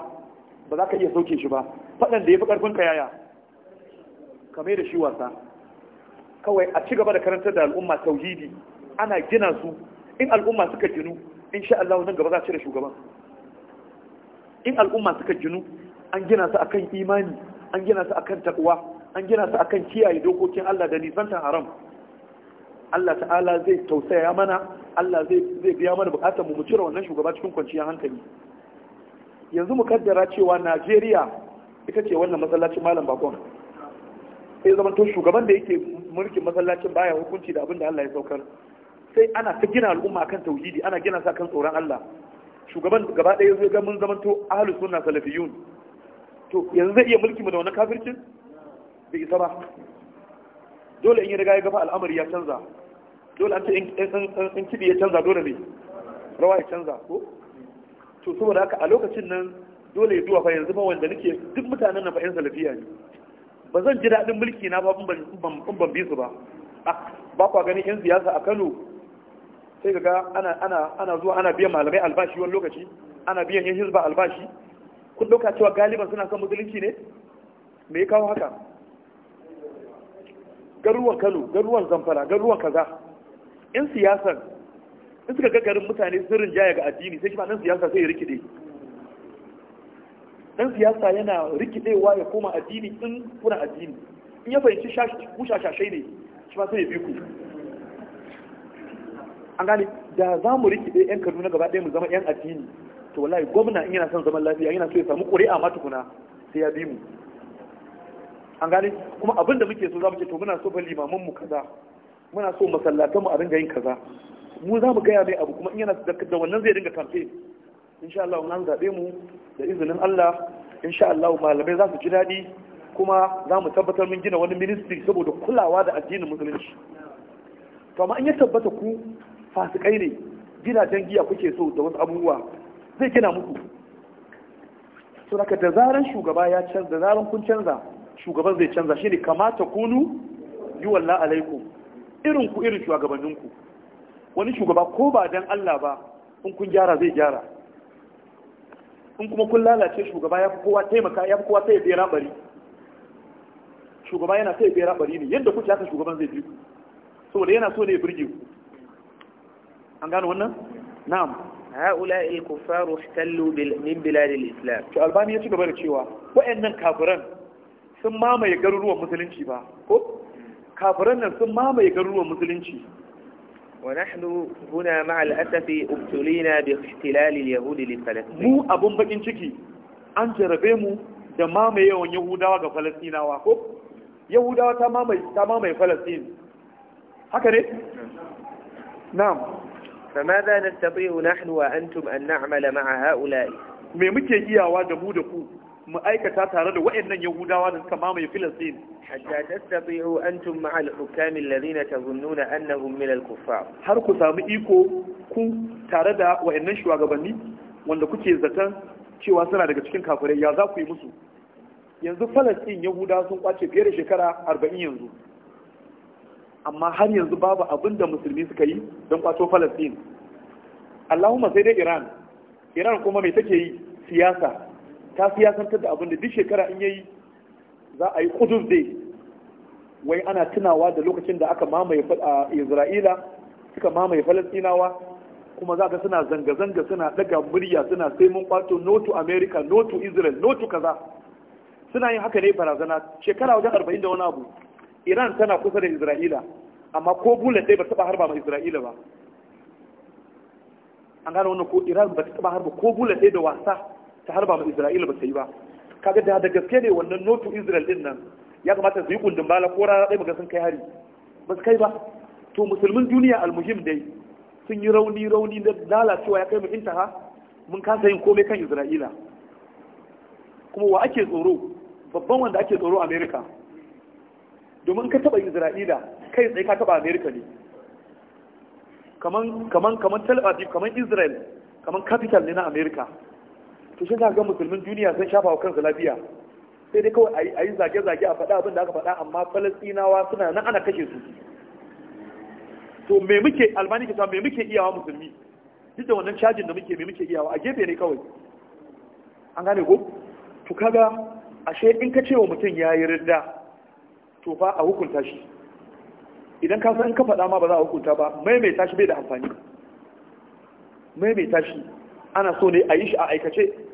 ba za ka iya sauke shi ba faɗan da ya fi ƙarfin ka yaya ka mai da shi wasa kawai a ci gaba da karantar da al'umma tauhidi ana gina su in al'umma suka ginu in sha Allah nan gaba za a da shugaban in al'umma suka ginu an gina su akan imani an gina su akan takwa an gina su akan kiyaye dokokin Allah da nisantan haram Allah ta'ala zai tausaya mana Allah zai biya mana bukatar mu mu cire wannan shugaba cikin kwanciyar hankali yanzu mu kaddara cewa Najeriya ita ce wannan masallacin malam bakon sai zaman to shugaban da yake mulkin masallacin baya hukunci da abinda da Allah ya saukar sai ana ta gina al'umma kan tauhidi ana gina sa kan tsoron Allah shugaban gaba ɗaya zai ga mun zaman to ahlus sunna salafiyun to yanzu zai iya mulki mu da wannan kafircin bai isa ba dole in yi riga ya gaba al'amari ya canza dole an ce in kibi ya canza dole ne rawa ya canza ko to saboda haka a lokacin nan dole ya zuwa fa yanzu ba wanda nake duk mutanen na fa'in salafiya ne ba zan ji daɗin mulki na ba in ban bi su ba ba kwa ganin yan siyasa a Kano sai ga ana zuwa ana biyan malamai albashi wani lokaci ana biyan yan hizba albashi kun ɗauka cewa galiban suna son musulunci ne me ya kawo haka garuwan kano garuwan zamfara garuwan kaza in siyasar in suka ga garin mutane sirrin jaya ga addini sai kuma nan siyasa sai ya rikide dan siyasa yana rikidewa ya koma addini in kuna addini in ya fahimci shashashai ne shi ma sai ya bi ku an gane da za mu rikide yan kaduna gaba ɗaya mu zama yan addini to wallahi gwamna in yana son zaman lafiya yana so ya samu ƙuri'a ma tukuna sai ya bi mu an gane kuma abin da muke so za mu ce to muna so ba limamin mu kaza muna so masallatan mu a ringa yin kaza mu za mu gaya mai abu kuma in yana da wannan zai dinga campaign insha Allah mun zabe mu da izinin Allah insha Allah malamai za su ji daɗi kuma za mu tabbatar mun gina wani ministry saboda kulawa da addinin musulunci to amma in ya tabbata ku fasikai ne gidajen giya kuke so da wasu abubuwa zai gina muku so da zaran shugaba ya canza da zaran kun canza shugaban zai canza shi ne kamata kunu yi walla alaikum irin ku irin shugabanninku wani shugaba ko ba dan Allah ba in kun gyara zai gyara in kuma kun lalace shugaba ya fi kowa taimaka ya fi kowa sai bera bari shugaba yana sai bera bari ne yadda kuke haka shugaban zai bi ku saboda yana so ne ya birge. ku an gano wannan na'am هؤلاء الكفار islam to albani ya ci gaba da cewa wa'annan kafiran sun mamaye garuruwan musulunci ba ko kafiran nan sun mamaye garuruwan musulunci ونحن هنا مع الأسف ابتلينا باختلال اليهود للفلسطين مو أبن بكين شكي an jarabe mu da mamaye yawan yahudawa ga falastinawa ko yahudawa ta mamaye ta فماذا نستطيع نحن وأنتم أن نعمل مع هؤلاء me muke iyawa da mu da ku mu aikata tare da waɗannan yahudawa da suka mamaye filistin hatta tastati'u antum ma'a al-hukami alladhina tazunnuna annahum min al-kuffar har ku samu iko ku tare da waɗannan shugabanni wanda kuke zaton cewa suna daga cikin kafirai ya za ku yi musu yanzu filistin yahuda sun kwace fiye da shekara arba'in yanzu amma har yanzu babu abin da musulmi suka yi don kwato filistin allahumma sai dai iran iran kuma mai take yi siyasa ta siyasantar da abin da duk shekara in yayi za a yi kudus dai wai ana tunawa da lokacin da aka mamaye isra'ila suka mamaye falastinawa kuma za ga suna zanga-zanga suna daga murya suna sai mun kwato no to america no to israel no to kaza suna yin haka ne barazana shekara wajen arba'in da wani abu iran tana kusa da isra'ila amma ko bulan dai ba taɓa harba ma isra'ila ba an gane wannan ko iran ba ta taɓa harba ko bulan dai da wasa ta harba ma isra'ila ba ta yi ba kaga da da gaske ne wannan notu israel din nan ya kamata su yi kundin bala ko rana dai maga sun kai hari ba su kai ba to musulmin duniya almuhim dai sun yi rauni rauni na lalacewa ya kai mu intaha mun kasa yin komai kan isra'ila kuma wa ake tsoro babban wanda ake tsoro america domin ka taba isra'ila kai tsaye ka taba america ne kaman kaman kaman tel aviv kaman israel kaman capital ne na america to shi za ga musulmin duniya sun shafa wa kansu lafiya sai dai kawai a yi zage-zage a faɗa abin da aka faɗa amma falastinawa suna nan ana kashe su to me muke albani kisa me muke iyawa musulmi duk da wannan cajin da muke me muke iyawa a gefe ne kawai an gane ko to kaga ashe in ka ce wa mutum ya yi ridda to fa a hukunta shi idan ka san ka faɗa ma ba za a hukunta ba maimaita shi bai da amfani maimaita shi ana so ne a yi shi a aikace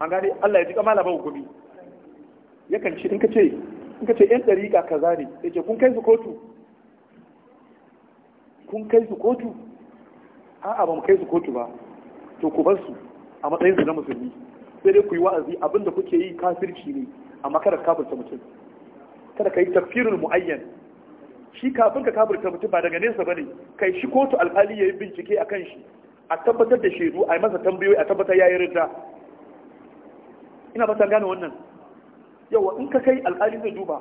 an gane Allah ya ji kamala ba hukumi yakan ci in ka ce in ka ce yan dariƙa kaza ne yake kun kai su kotu kun kai su kotu a'a ba mu kai su kotu ba to ku bar su a matsayin su na musulmi sai dai ku yi wa'azi abinda kuke yi kafirci ne amma kada ka kafirta mutum kada ka yi tafsirul muayyan shi kafin ka kafirta mutum ba daga nesa bane kai shi kotu ya yi bincike a kan shi a tabbatar da shaidu a yi masa tambayoyi a tabbatar yayi rinta ina ba ta gane wannan yawa in ka kai alƙali zai duba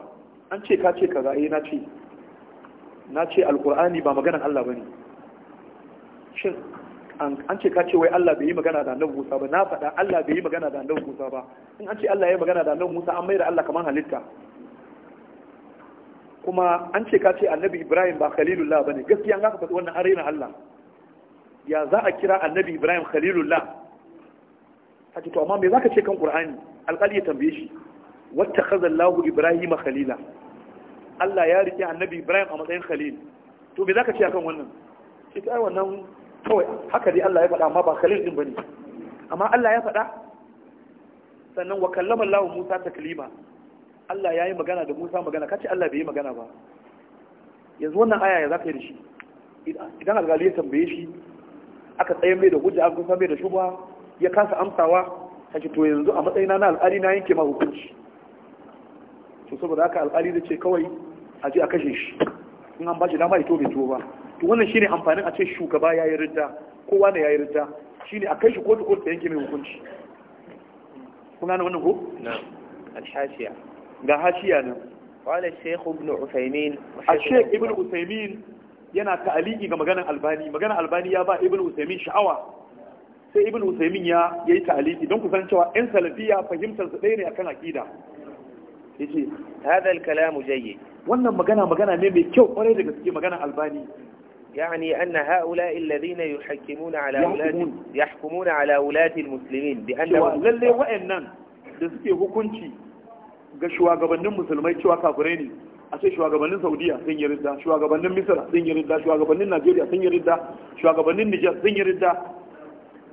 an ce ka ce ka zaye eh, na ce na ce alƙur'ani ba maganan Allah ba ne shin an ce ka ce wai Allah bai yi magana da annabi Musa ba na faɗa Allah bai yi magana da annabi Musa ba in an ce Allah ya yi magana da annabi Musa an da Allah kamar halitta kuma an ce ka ce annabi Ibrahim ba khalilullah bane gaskiya an ka faɗi wannan arena Allah ya za a kira annabi Ibrahim khalilullah kace to amma me zaka ce kan qur'ani alƙali ya tambaye shi wattakhadha Allahu Ibrahim khalila Allah ya rike annabi Ibrahim a matsayin khalil to me zaka ce akan wannan sai ai wannan kawai haka dai Allah ya faɗa amma ba khalil din bane amma Allah ya faɗa sannan wa kallama Allah Musa taklima Allah ya yi magana da Musa magana kace Allah bai yi magana ba yanzu wannan aya ya zaka yi da shi idan alƙali ya tambaye shi aka tsaye mai da hujja aka kusa mai da shubha ya kasa amsawa kace to yanzu a matsayina na al'ali na yanke ma hukunci to saboda haka al'ali da ce kawai a je a kashe shi in an bashi dama ito bai to ba to wannan shine amfanin a ce shugaba yayi ridda kowa ne yayi ridda shine a kai shi kotu kotu ta yanke mai hukunci kun wannan ko na'am al-hashiya ga hashiya nan qala shaykh ibn usaymin shaykh ibn usaymin yana ta'aliki ga maganar albani maganar albani ya ba ibn usaymin sha'awa sai ibn usaimin ya yi ta'aliki don kusan cewa yan salafiya fahimtar su ɗaya ne akan akida yace hadha al-kalam jayyid wannan magana magana ne mai kyau kwarai da gaske magana albani يعني أن هؤلاء الذين يحكمون على ولاة يحكمون على ولاة المسلمين بأنهم للي دسكي hukunci ga shugabannin musulmai cewa kafirai ne a ce shugabannin Saudiya sun yi ridda shugabannin Najeriya sun yi ridda shugabannin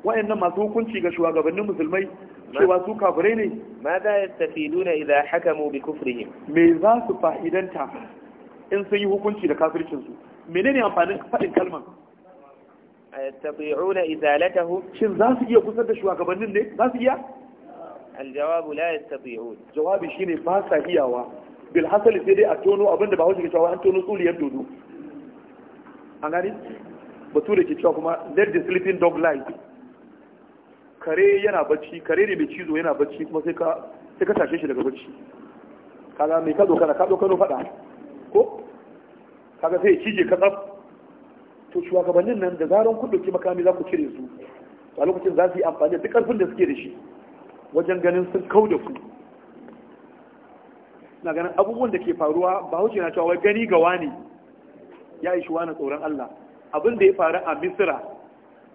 wayannan masu hukunci ga shugabannin musulmai cewa su kafirai ne ma za idan haka mu bi kufrihim me za su fa'idanta in sun yi hukunci da kafircinsu su menene amfanin faɗin kalman yastati'una izalatahu shin za su iya kusar da shugabannin ne za su iya aljawabu la yastati'un jawabi shine ba sa iyawa bil hasali sai dai a tono abinda ba hau ke cewa an tono tsuliyar dodo an gani batu da ke cewa kuma let the sleeping dog lie kare yana bacci kare ne mai cizo yana bacci kuma sai ka sai ka tashe shi daga bacci kaga mai ka zo kana ka zo kano fada ko kaga sai cije ka tsaf to shugabannin nan da zaran kun dauki makami za ku cire su a lokacin za su yi amfani da duk karfin da suke da shi wajen ganin sun kau da ku na ganin abubuwan da ke faruwa ba hujji na cewa wai gani ga wani ya yi shi wani tsoron Allah abin da ya faru a Misira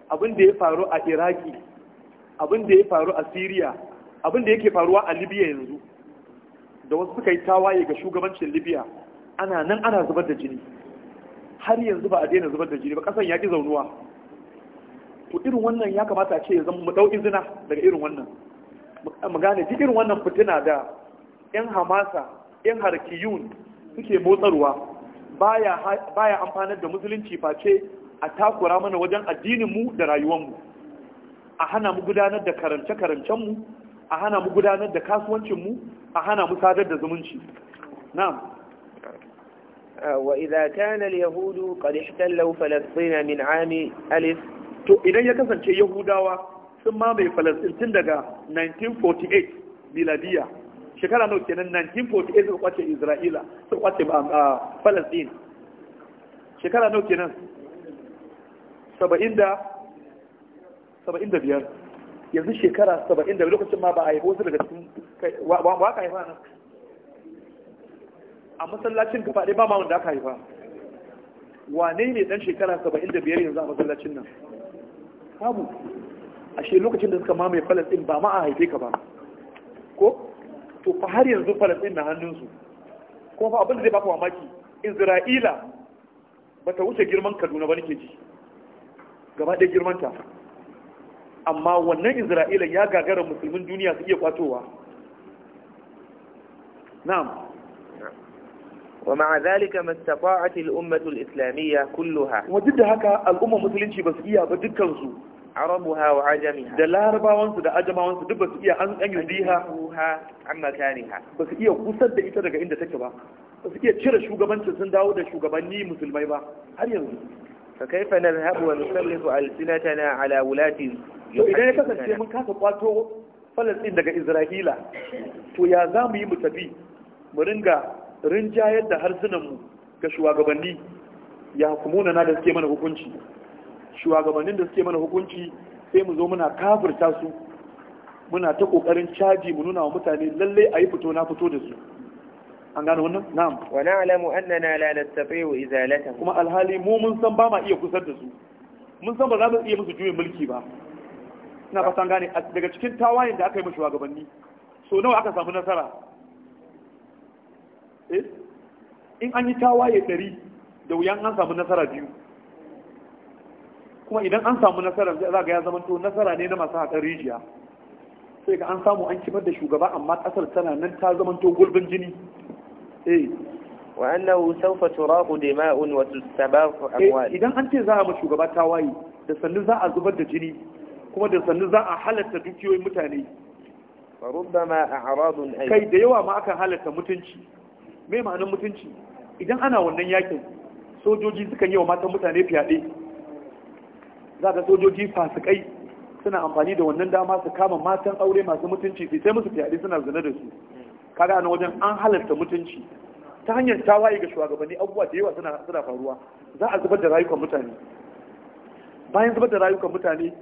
abin da ya faru a Iraki abin da ya faru a Syria abin da yake faruwa a Libya yanzu da wasu suka yi tawaye ga shugabancin Libya ana nan ana zubar da jini har yanzu ba a daina zubar da jini ba kasan ya ki zaunuwa to irin wannan ya kamata ce ya zama mu dau izina daga irin wannan mu gane duk irin wannan fitina da yan hamasa yan harkiyun suke motsarwa baya baya amfanar da musulunci face a takura mana wajen addinin mu da rayuwar mu a hana mu gudanar da karance-karancenmu a hana mu gudanar da kasuwancinmu a hana mu sadar da zumunci na'am uh, wa idza kana al-yahudu qad ihtallu falastin min 'ami alif to idan ya kasance yahudawa sun mamaye falastin tun daga 1948 miladiya shekara nawa kenan 1948 suka kwace isra'ila suka kwace uh, falastin shekara nawa kenan 70 75 yanzu shekara da lokacin ma ba a yi wasu daga cikin wa ka haifa nan a masallacin gaba ɗaya ba ma wanda aka haifa wane ne dan shekara 75 yanzu a masallacin nan babu shi lokacin da suka mamaye falastin ba ma a haife ka ba ko to fa har yanzu falastin na hannunsu kuma fa abin da zai baka mamaki isra'ila ba ta wuce girman kaduna ba nake ji gaba ɗaya girmanta amma wannan isra'ila ya gagara musulmin duniya su iya kwatowa na'am ومع ذلك ما استطاعت الأمة الإسلامية كلها وجد هكا الأمة المسلمة بس إياه بدكا عربها وعجمها ده لا ربا وانسو ده أجما وانسو ده بس إياه أن يديها عن مكانها بس إياه قصد ده إتدك عند تكبا بس إياه تشير شوغبان تسنداو ده شوغباني مسلمي با هل ينزل fa kaifa nadhhabu wa nusallifu alsinatana ala wulati idan ya kasance mun kasa kwato falastin daga isra'ila to ya za mu yi mu tafi mu ringa rinjayar da harsunanmu ga shugabanni ya hukumuna na da suke mana hukunci shugabannin da suke mana hukunci sai mu zo muna kafirta su muna ta kokarin caji mu nuna wa mutane lallai a yi fito na fito da su an gano wannan na'am wa na'lamu annana la nastati'u izalatahu kuma alhali mu mun san ba ma iya kusar da su mun san ba za mu iya musu juyin mulki ba ina fatan gane daga cikin tawayen da aka yi mu shugabanni so nawa aka samu nasara eh in an yi tawaye dari, da wuyan an samu nasara biyu kuma idan an samu nasara za ga ya zama to nasara ne na masu haƙar rijiya sai ga an samu an kifar da shugaba amma ƙasar tana nan ta zama to gulbin jini wa annahu sawfa turaqu dima'un wa tustabahu amwal idan an ce za a shugaba waye, da sannu za a zubar da jini kuma da sannu za a halatta dukiyoyin mutane faruddama a'radun ay kai da yawa ma akan halatta mutunci me ma'anar mutunci idan ana wannan yakin sojoji sukan yi wa matan mutane fyaɗe za ka sojoji fasikai suna amfani da wannan dama su kama matan aure masu mutunci sai musu fyaɗe suna zina da su kaga na wajen an halarta mutunci ta hanyar tawaye ga shugabanni abubuwa da yawa suna faruwa za a zubar da rayukan mutane bayan zubar da rayukan mutane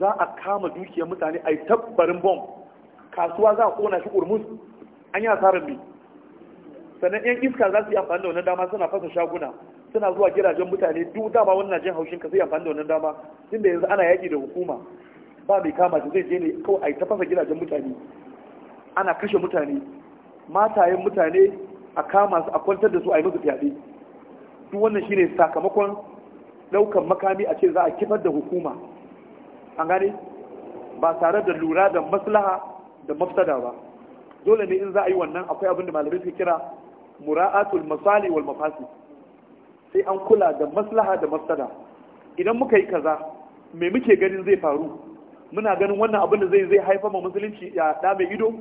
za a kama dukiyar mutane a yi tabbarin bom kasuwa za a kona shi urmus an yi asarar ne sannan yan iska za su yi amfani da wannan dama suna fasa shaguna suna zuwa gidajen mutane duk dama wannan jin haushin ka zai amfani da wannan dama Tun da yanzu ana yaƙi da hukuma ba mai kama shi zai je ne kawai a yi ta fasa gidajen mutane ana kashe mutane matayen mutane a kama su a kwantar da su a yi musu fyaɗe duk wannan shine sakamakon ɗaukan makami a ce za a kifar da hukuma an gane ba tare da lura da maslaha da mafsada ba dole ne in za a yi wannan akwai abin da malamai suke kira mura'atul masali wal mafasi sai an kula da maslaha da mafsada idan muka yi kaza me muke ganin zai faru muna ganin wannan abin da zai zai haifa ma musulunci ya mai ido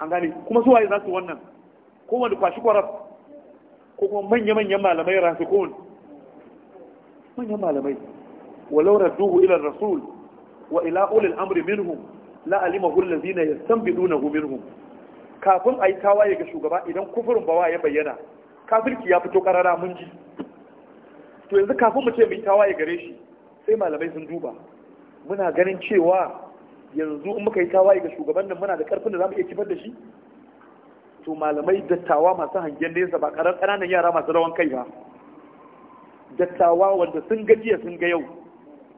an gane kuma su waye za su wannan ko wanda kwashi kwarar ko kuma manya manya malamai rasikun manyan malamai walau radduhu ila rasul wa ila ulil amri minhum la alima allazina yastanbidunahu minhum kafin ayi tawaye ga shugaba idan kufurin bawa ya bayyana kafirki ya fito karara mun ji to yanzu kafin mu ce mu yi tawaye gare shi sai malamai sun duba muna ganin cewa yanzu in muka yi tawaye ga shugaban nan muna da karfin da za mu iya kifar da shi to malamai dattawa masu hangen nesa ba karar ƙananan yara masu rawan kai ba dattawa wanda sun ga sun ga yau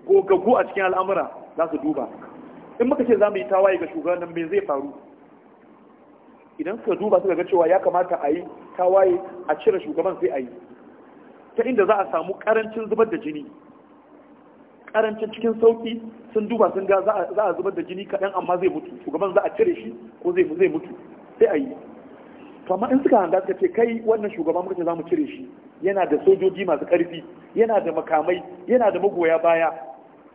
gogaggu a cikin al'amura za su duba in muka ce za mu yi tawaye ga shugaban nan me zai faru idan suka duba suka ga cewa ya kamata a yi tawaye a cire shugaban sai a yi ta inda za a samu karancin zubar da jini karancin cikin sauki sun duba sun ga za a zubar da jini kaɗan amma zai mutu shugaban za a cire shi ko zai mutu sai a yi Kamar in suka hanga suka ce kai wannan shugaban muka za mu cire shi yana da sojoji masu ƙarfi yana da makamai yana da magoya baya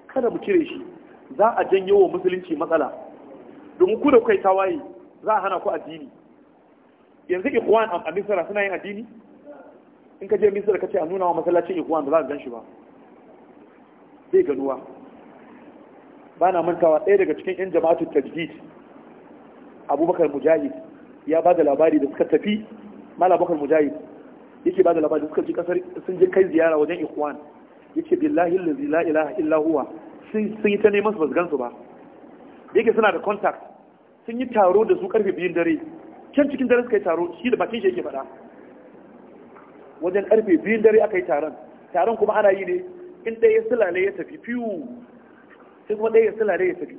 kada mu cire shi za a janyo wa musulunci matsala domin ku da kai tawaye za a hana ku addini yanzu ikhwan a misira suna yin addini in ka je misira ka ce a nuna wa masallacin ikhwan ba za ka gan shi ba zai ganuwa ba na mantawa ɗaya daga cikin 'yan jama'atun tajdid abubakar mujahid ya ba da labari da suka tafi mala bakar mujahid yake ba da labari da suka ci kasar sun je kai ziyara wajen ikhwan yake billahi allazi la ilaha illa huwa sun yi ta neman su ba gansu ba yake suna da contact sun yi taro da su karfe biyun dare can cikin dare suka yi taro shi da bakin shi yake faɗa wajen karfe biyun dare aka yi taron taron kuma ana yi ne in ɗaya sulale ya tafi fiyu sai kuma ɗaya sulale ya tafi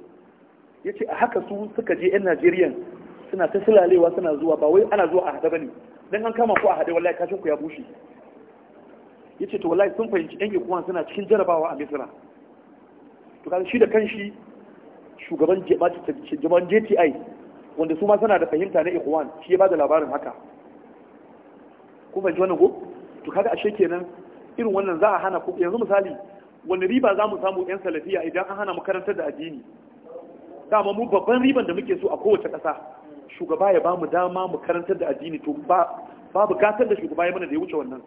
ya ce a haka su suka je 'yan Najeriya suna ta sulalewa suna zuwa ba wai ana zuwa a haɗe ba ne don an kama ku a haɗe wallahi kashin ku ya bushe ya ce to wallahi sun fahimci 'yan kuma suna cikin jarabawa a misira to kaga shi da kanshi shugaban jaman JTI wanda su ma suna da fahimta na Ikhwan shi ya ba da labarin haka ku fahimci wannan ko to kaga ashe kenan irin wannan za a hana ku yanzu misali wani riba za mu samu yan salafiya idan an hana mu da addini dama mu babban riban da muke so a kowace ƙasa shugaba ya bamu dama mu karantar da addini to babu gatar da shugaba ya mana da ya wuce wannan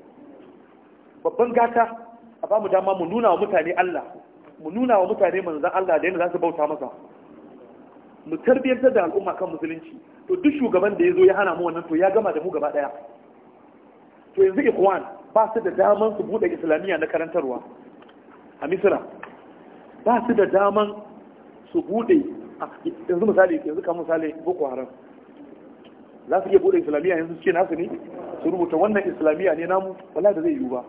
babban gata a bamu dama mu nuna wa mutane Allah mu nuna wa mutane manzan Allah da yadda za su bauta masa mu tarbiyyantar da al'umma kan musulunci to duk shugaban da ya zo ya hana mu wannan to ya gama da mu gaba daya to yanzu ikwan ba su da daman su bude islamiyya na karantarwa a misira ba su da daman su bude, yanzu misali yanzu kan misali boko haram za su iya bude islamiyya yanzu ce nasu ne su rubuta wannan islamiyya ne namu wala da zai yiwu ba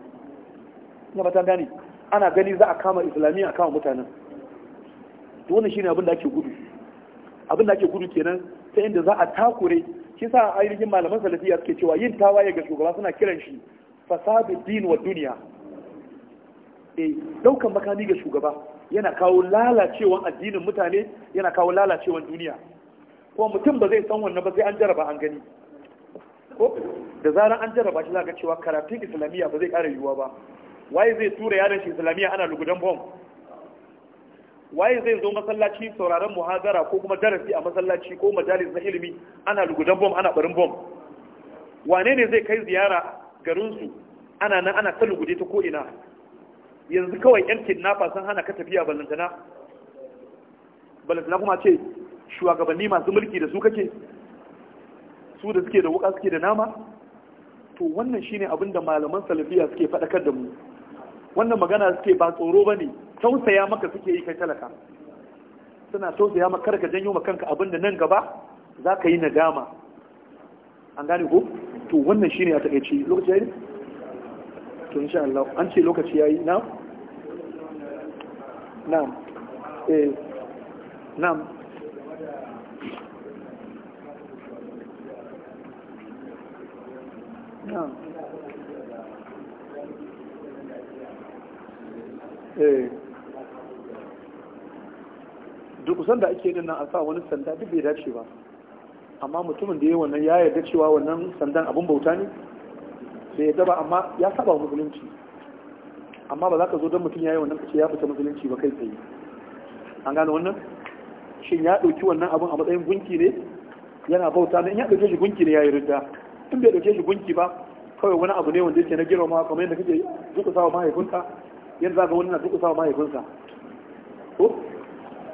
ina matan gani ana gani za a kama islamiyya a kama mutanen to wannan shine abin da ake gudu abin da ake gudu kenan ta inda za a takure shi sa ainihin malaman salafiya suke cewa yin tawaye ga shugaba suna kiran shi fasadu din wa duniya eh daukan makami ga shugaba yana kawo lalacewan addinin mutane yana kawo lalacewan duniya ko mutum ba zai san wannan ba sai an jaraba an gani ko da zaran an jaraba shi za ga cewa karatun islamiyya ba zai ƙara yiwuwa ba waye zai tura yaran shi islamiyya ana lugudan bom waye zai zo masallaci sauraron muhazara ko kuma darasi a masallaci ko majalis na ilimi ana lugudan bom ana barin bom wane ne zai kai ziyara garinsu ana nan ana ta lugude ta ko'ina yanzu kawai yan kidnapper sun hana ka tafiya ballantana ballantana kuma ce shugabanni masu mulki da su kake su da suke da wuka suke da nama to wannan shine abin da malaman salafiya suke faɗakar da mu wannan magana suke ba tsoro ba ne tausaya maka suke yi kai talaka suna tausaya maka kar ka janyo maka kanka abin da nan gaba za ka yi nadama an gane ko to wannan shi ne a takaice lokaci ya yi? to insha Allah an ce lokaci yi, na na'am eh na'am na'am eh duk sanda ake yin nan a sa wani sanda duk bai dace ba amma mutumin da ya wannan ya yarda cewa wannan sandan abin bauta ne sai ya daba amma ya saba musulunci amma ba za ka zo don mutum ya yi wannan kace ya fita musulunci ba kai tsaye an gane wannan shin ya ɗauki wannan abin a matsayin gunki ne yana bauta ne in ya ɗauke shi gunki ne ya yi rida in bai ɗauke shi gunki ba kawai wani abu ne wanda yake na girma kamar yadda kake duka sawa mahaifinka yanzu za ka wani na duka sawa mahaifinsa ko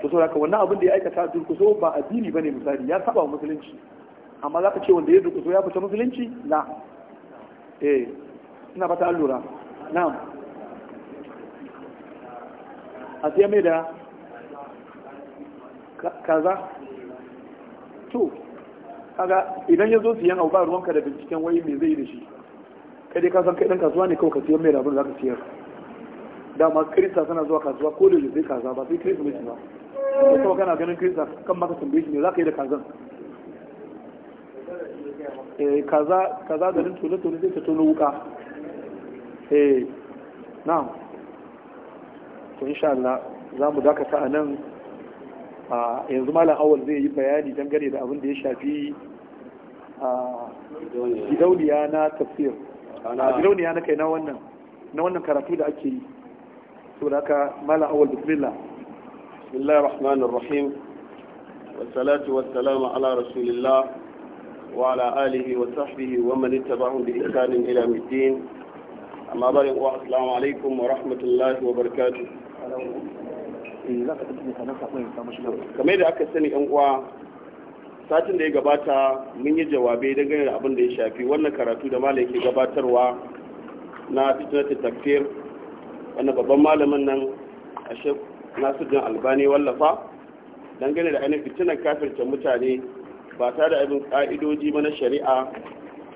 to so ka wannan abin da ya aikata durkuso ba addini bane misali ya saba wa musulunci amma za ka ce wanda ya durkuso ya fita musulunci na eh ina fata an lura na'am a sai mai da kaza to kaga idan ya zo siyan abu ba ruwanka da binciken wai me zai da shi kai dai ka san kai dan kasuwa ne kawai ka siyan mai da abin da za ka siyar dama krista tana zuwa kasuwa ko da zai kaza ba sai kirsimeti ba ko kuma kana ganin krista kan maka tambaye shi ne za ka yi da kazan eh, kaza kaza garin tole tole sai ta tono wuka eh na to insha Allah za mu dakata a nan a yanzu malam awal zai yi bayani dangane da abin da ya shafi a gidauniya na tafsir a gidauniya na kai na wannan na wannan karatu da ake yi sau da aka mala awal bismillah bismillah rahman rahim wa salatu wa salamu ala rasulillah wa ala wa sahbihi wa man tabahun bi ihsanin ila middin amma bari wa assalamu alaikum wa rahmatullahi wa barakatuh kamar da aka sani yan uwa satin da ya gabata mun yi jawabe dangane da abin da ya shafi wannan karatu da malam yake gabatarwa na fitnatin takfir wannan babban malamin nan a shek jin albani wallafa dangane da ainihin fitinan kafirce mutane ba tare da abin ka'idoji mana shari'a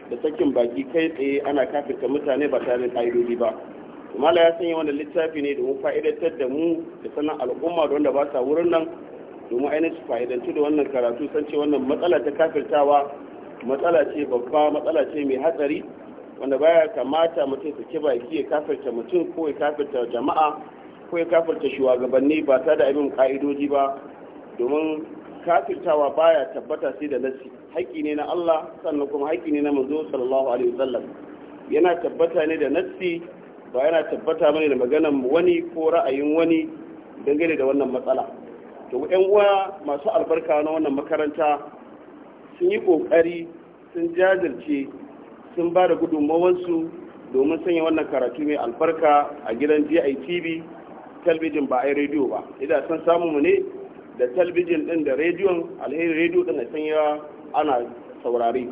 da sakin baki kai tsaye ana kafirta mutane ba tare da ka'idoji ba mala ya sanya wannan littafi ne domin fa'idatar da mu da sanan al'umma da wanda ba sa wurin nan domin ainihin da wannan karatu san ce wannan matsala ta kafirtawa matsala ce babba matsala ce mai hatsari wanda baya kamata mutum su baki ya kafirta mutum ko ya kafirta jama'a ko ya kafirta shugabanni ba ta da abin ka'idoji ba domin kafirtawa baya tabbata sai da nasi haƙƙi ne na Allah sannan kuma haƙƙi ne na manzo sallallahu alaihi wasallam yana tabbata ne da nasi ba yana tabbata bane da maganar wani ko ra'ayin wani dangane da wannan matsala to ƴan uwa masu albarka na wannan makaranta sun yi ƙoƙari sun jajirce sun ba da gudunmawarsu domin sanya wannan karatu mai albarka a gidan DITV talbijin ba a yi rediyo ba idan san samu mu ne da talbijin din da rediyon alheri rediyo din da sanya ana saurari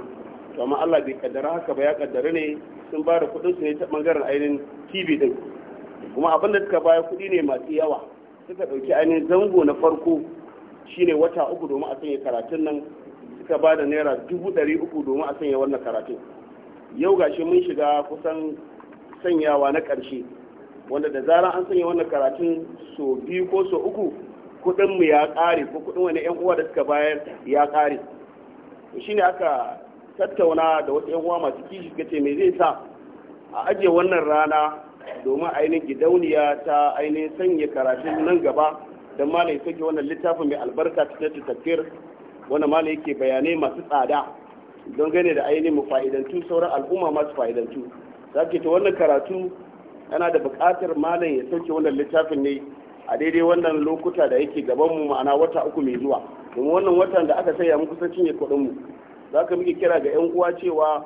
to amma Allah bai kaddara haka ba ya kaddara ne sun ba da kudin ne ta bangaren ainihin TV din kuma abin da suka baya kudi ne masu yawa suka dauki ainihin zango na farko shine wata uku domin a sanya karatun nan suka ba da naira dubu ɗari uku domin a sanya wannan karatun yau gashi mun shiga kusan sanyawa na ƙarshe wanda da zarar an sanya wannan karatun so biyu ko so uku kuɗin ya ƙare ko kuɗin wani yan uwa da suka bayar ya ƙare shi ne aka tattauna da wasu yan uwa masu kishi ga mai zai sa a ajiye wannan rana domin ainihin gidauniya ta ainihin sanya karatun nan gaba don malai sake wannan littafin mai albarka cikin tafiyar wanda malai yake bayanai masu tsada don gane da ainihin mu fa'idantu sauran al'umma masu fa'idantu za ke ta wannan karatu yana da buƙatar malam ya sauke wannan littafin ne a daidai wannan lokuta da yake gaban mu ma'ana wata uku mai zuwa domin wannan watan da aka saya mu kusan cinye kuɗin mu za ka muke kira ga 'yan uwa cewa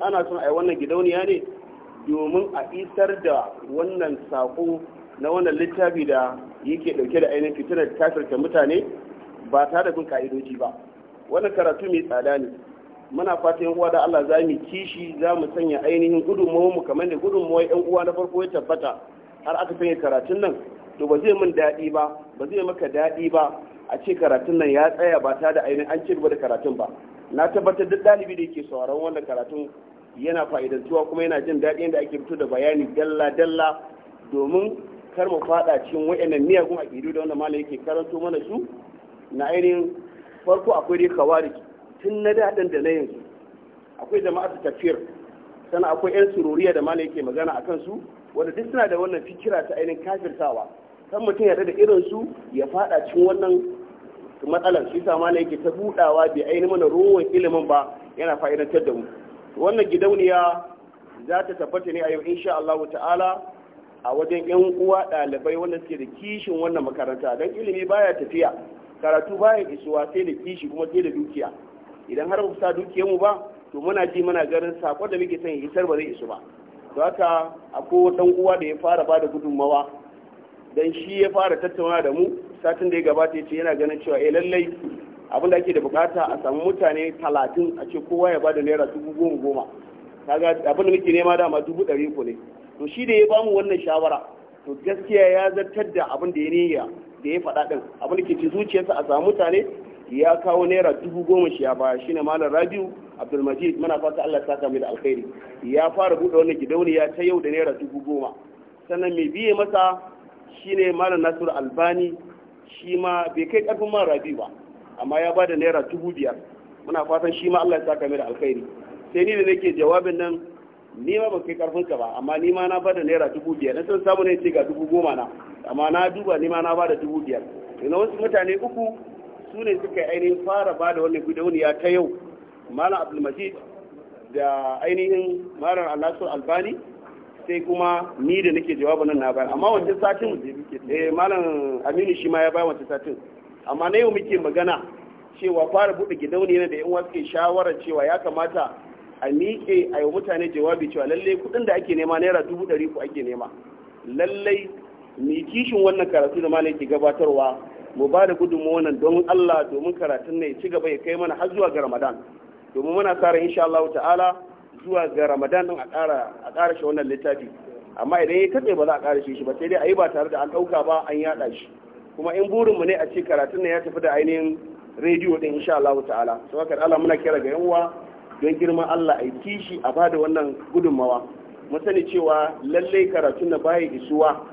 ana son a yi wannan gidauniya ne domin a isar da wannan saƙo na wannan littafi da yake ɗauke da ainihin fitinar ta mutane ba tare da bin ka'idoji ba wannan karatu mai tsada ne muna fatan uwa da Allah za mu kishi za mu sanya ainihin gudunmawar mu kamar da gudunmawar yan uwa na farko ya tabbata har aka sanya karatun nan to ba zai min daɗi ba ba zai maka daɗi ba a ce karatun nan ya tsaya ba ta da ainihin an ce da karatun ba na tabbatar duk ɗalibi da yake sauraron wannan karatun yana fa'idantuwa kuma yana jin daɗi yadda ake fito da bayani dalla dalla domin kar mu faɗa cikin wa'annan miyagun aƙidu da wanda malam yake karanto mana su na ainihin farko akwai dai kawariki tun na daɗin da na yanzu akwai jama'ar tafiyar sannan akwai 'yan sururiya da mana yake magana a kansu wanda duk suna da wannan fikira ta ainihin kafirtawa kan mutum ya da irin su ya fada cikin wannan matsalar shi sa mana yake ta buɗawa bai ainihin mana ruwan ilimin ba yana fa'idantar da mu wannan gidauniya za ta tabbata ne a yau insha Allah ta'ala a wajen yan uwa ɗalibai wanda suke da kishin wannan makaranta don ilimi baya tafiya karatu baya isuwa sai da kishi kuma sai da dukiya idan har ba sa dukiyar mu ba to muna ji muna ganin sakon da muke son hitar ba zai isu ba to haka akwai dan uwa da ya fara ba da gudunmawa dan shi ya fara tattauna da mu satin da ya gabata yace yana ganin cewa eh lallai abin da ake da bukata a samu mutane talatin a ce kowa ya bada naira dubu goma goma kaga abin da muke nema dama dubu ɗari ko ne to shi da ya bamu wannan shawara to gaskiya ya zartar da abin da ya niyya da ya faɗa ɗin abin da ke ci zuciyarsa a samu mutane ya kawo naira dubu goma shi ba shi ne malam rabiu abdulmajid mana fata allah ta kamar alkhairi ya fara buɗe gidauni gidauniya ta yau da naira dubu goma sannan mai biye masa shi ne malam nasiru albani shi ma bai kai karfin man rabi ba amma ya ba da naira dubu biyar muna fatan shi ma allah ya saka mai da alkhairi sai ni da nake jawabin nan ni ma ba kai karfin ka ba amma ni ma na ba da naira dubu biyar na san samu ne ce ga dubu goma na amma na duba ni ma na ba da dubu biyar ina wasu mutane uku su ne suka ainihin fara ba da wannan gidauniya ta yau malam abdulmajid da ainihin malam alasur albani sai kuma ni da nake jawabin nan na bayan amma wancan satin eh malam aminu shi ma ya bayar wancan satin amma na yau muke magana cewa fara buɗe gidauniya da yan wasu shawarar cewa ya kamata a miƙe a yi mutane jawabi cewa lallai kuɗin da ake nema naira dubu ɗari ku ake nema lallai mai kishin wannan karatu da malam ke gabatarwa mu ba da gudunmu wannan domin Allah domin karatun ne ci gaba ya kai mana har zuwa ga Ramadan domin muna sa ran insha Allah ta'ala zuwa ga Ramadan din a ƙara a ƙara shi wannan littafi amma idan ya kace ba za a ƙara shi ba sai dai ayi ba tare da an ɗauka ba an yaɗa shi kuma in burin mu ne a ce karatun ne ya tafi da ainihin rediyo din insha Allah ta'ala saboda kar Allah muna kira ga 'yanwa don girman Allah a shi a bada wannan gudunmawa mu sani cewa lallai karatun na baya isuwa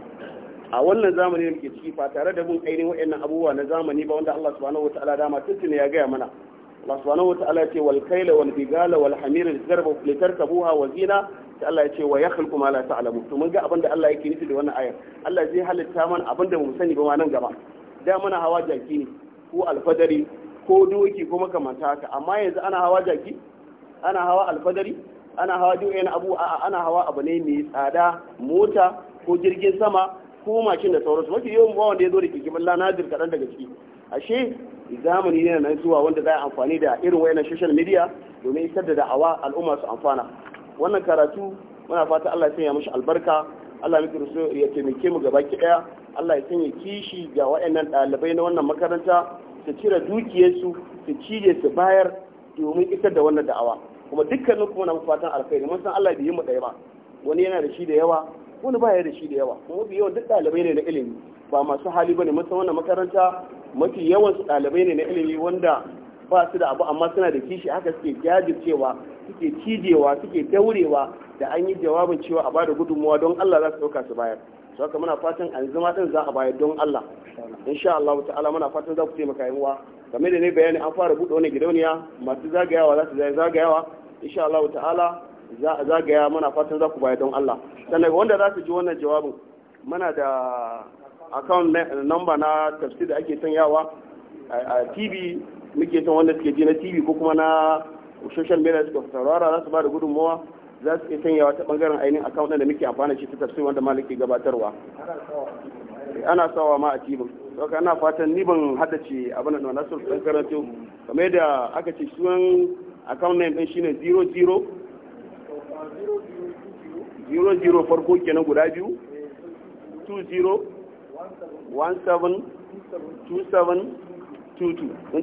a wannan zamani muke ciki fa tare da mun ainihin waɗannan abubuwa na zamani ba wanda Allah subhanahu wataala dama tuntun ya gaya mana Allah subhanahu wataala ya ce wal kayla wal bigala wal hamira tarkabuha wa zina sai Allah ya ce wa yakhluqu ma la ta'lamu to mun ga abin da Allah yake nufi da wannan ayar Allah zai halitta mana abin da mu sani ba ma nan gaba da muna hawa jaki ne ko alfadari ko doki ko makamanta haka amma yanzu ana hawa jaki ana hawa alfadari ana hawa duk abu a'a ana hawa abu ne mai tsada mota ko jirgin sama ko mashin da sauransu mafi yawan ba wanda ya zo da keke na nadir kaɗan daga ciki ashe zamani ne na zuwa wanda za a amfani da irin wayannan social media domin isar da da'awa al'umma su amfana wannan karatu muna fata Allah ya sanya mishi albarka Allah miki rusu ya taimake mu gaba ki daya Allah ya sanya kishi ga wayannan ɗalibai na wannan makaranta su cire dukiyarsu su cije su bayar domin isar da wannan da'awa kuma dukkanin kuma na fatan alkhairi mun san Allah bai yi mu ɗaya ba wani yana da shi da yawa wani baya da shi da yawa kuma bi yawan duk ɗalibai ne na ilimi ba masu hali bane san wannan makaranta mafi yawan su ɗalibai ne na ilimi wanda ba su da abu amma suna da kishi haka suke jajircewa suke cijewa suke daurewa da an yi jawabin cewa a bada gudunmuwa don Allah za su ɗauka su bayar su haka muna fatan an zama din za a bayar don Allah insha Allah ta'ala muna fatan za ku taimaka yin uwa game da ne bayani an fara buɗe wani gidauniya masu zagayawa za su zagayawa insha Allah ta'ala za a zagaya muna fatan za ku bayar don Allah sannan wanda za su ji wannan jawabin mana da account number na tafsir da ake sanyawa a tv muke san wanda suke ji na tv ko kuma na social media suka saurara za su ba da gudunmawa za su iya sanyawa ta bangaren ainihin account da muke amfana shi ta tafsir wanda malik ke gabatarwa ana sawa ma a tv saboda ana fatan ni ban haddace abin da na so dan kamar yadda aka ce sunan account name din shine 00 00 zero farko kenan guda biyu two zero one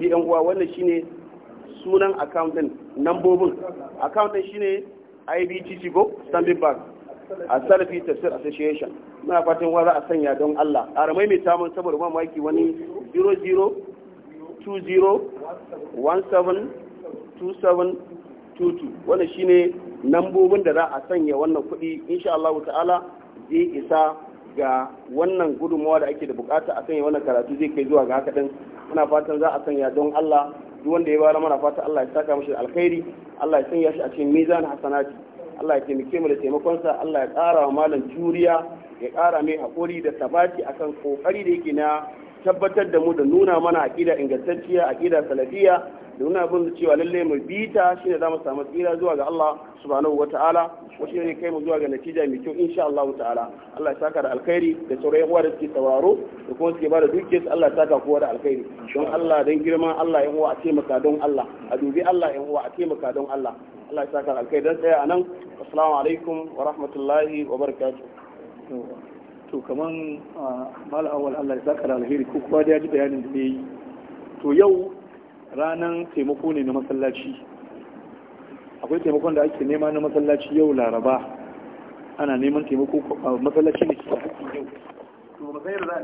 yan uwa wannan shine sunan account nambobin account din shine IBTC go Stanbic Bank a Salafi Tafsir Association muna fatan wa za a sanya don Allah a ramai mai samun saboda ba maki wani 00 20 17 27 tutu wannan shine nambobin da za a sanya wannan kuɗi insha Allah ta'ala zai isa ga wannan gudunmawa da ake da bukata a sanya wannan karatu zai kai zuwa ga haka din muna fatan za a sanya don Allah duk wanda ya bara mana fata Allah ya saka mashi alkhairi Allah ya sanya shi a cikin mizan hasanati Allah ya taimake mu da sa. Allah ya kara wa malam juriya ya kara mai haƙuri da sabati akan kokari da yake na tabbatar da mu da nuna mana aqida ingantacciya aqida salafiya da nuna abin da cewa lalle mai bita shine za mu samu tsira zuwa ga Allah subhanahu wa ta'ala shi ne kai mu zuwa ga natija mai kyau insha Allah ta'ala Allah ya saka da alkhairi da sauran yan uwa da suke sauraro da kuma suke bada dukiyar Allah ya saka kowa da alkhairi don Allah dan girma Allah yan uwa a taimaka don Allah a dubi Allah yan uwa a taimaka don Allah Allah ya saka da alkhairi dan tsaya nan assalamu alaikum wa rahmatullahi wa barakatuh to kaman ah, mal awal Allah ya saka da alheri ko kuma da ya ji bayanin da yayi to yau ranan taimako ne na masallaci akwai taimakon da ake nema na masallaci yau laraba ana neman taimako masallaci ne ke yau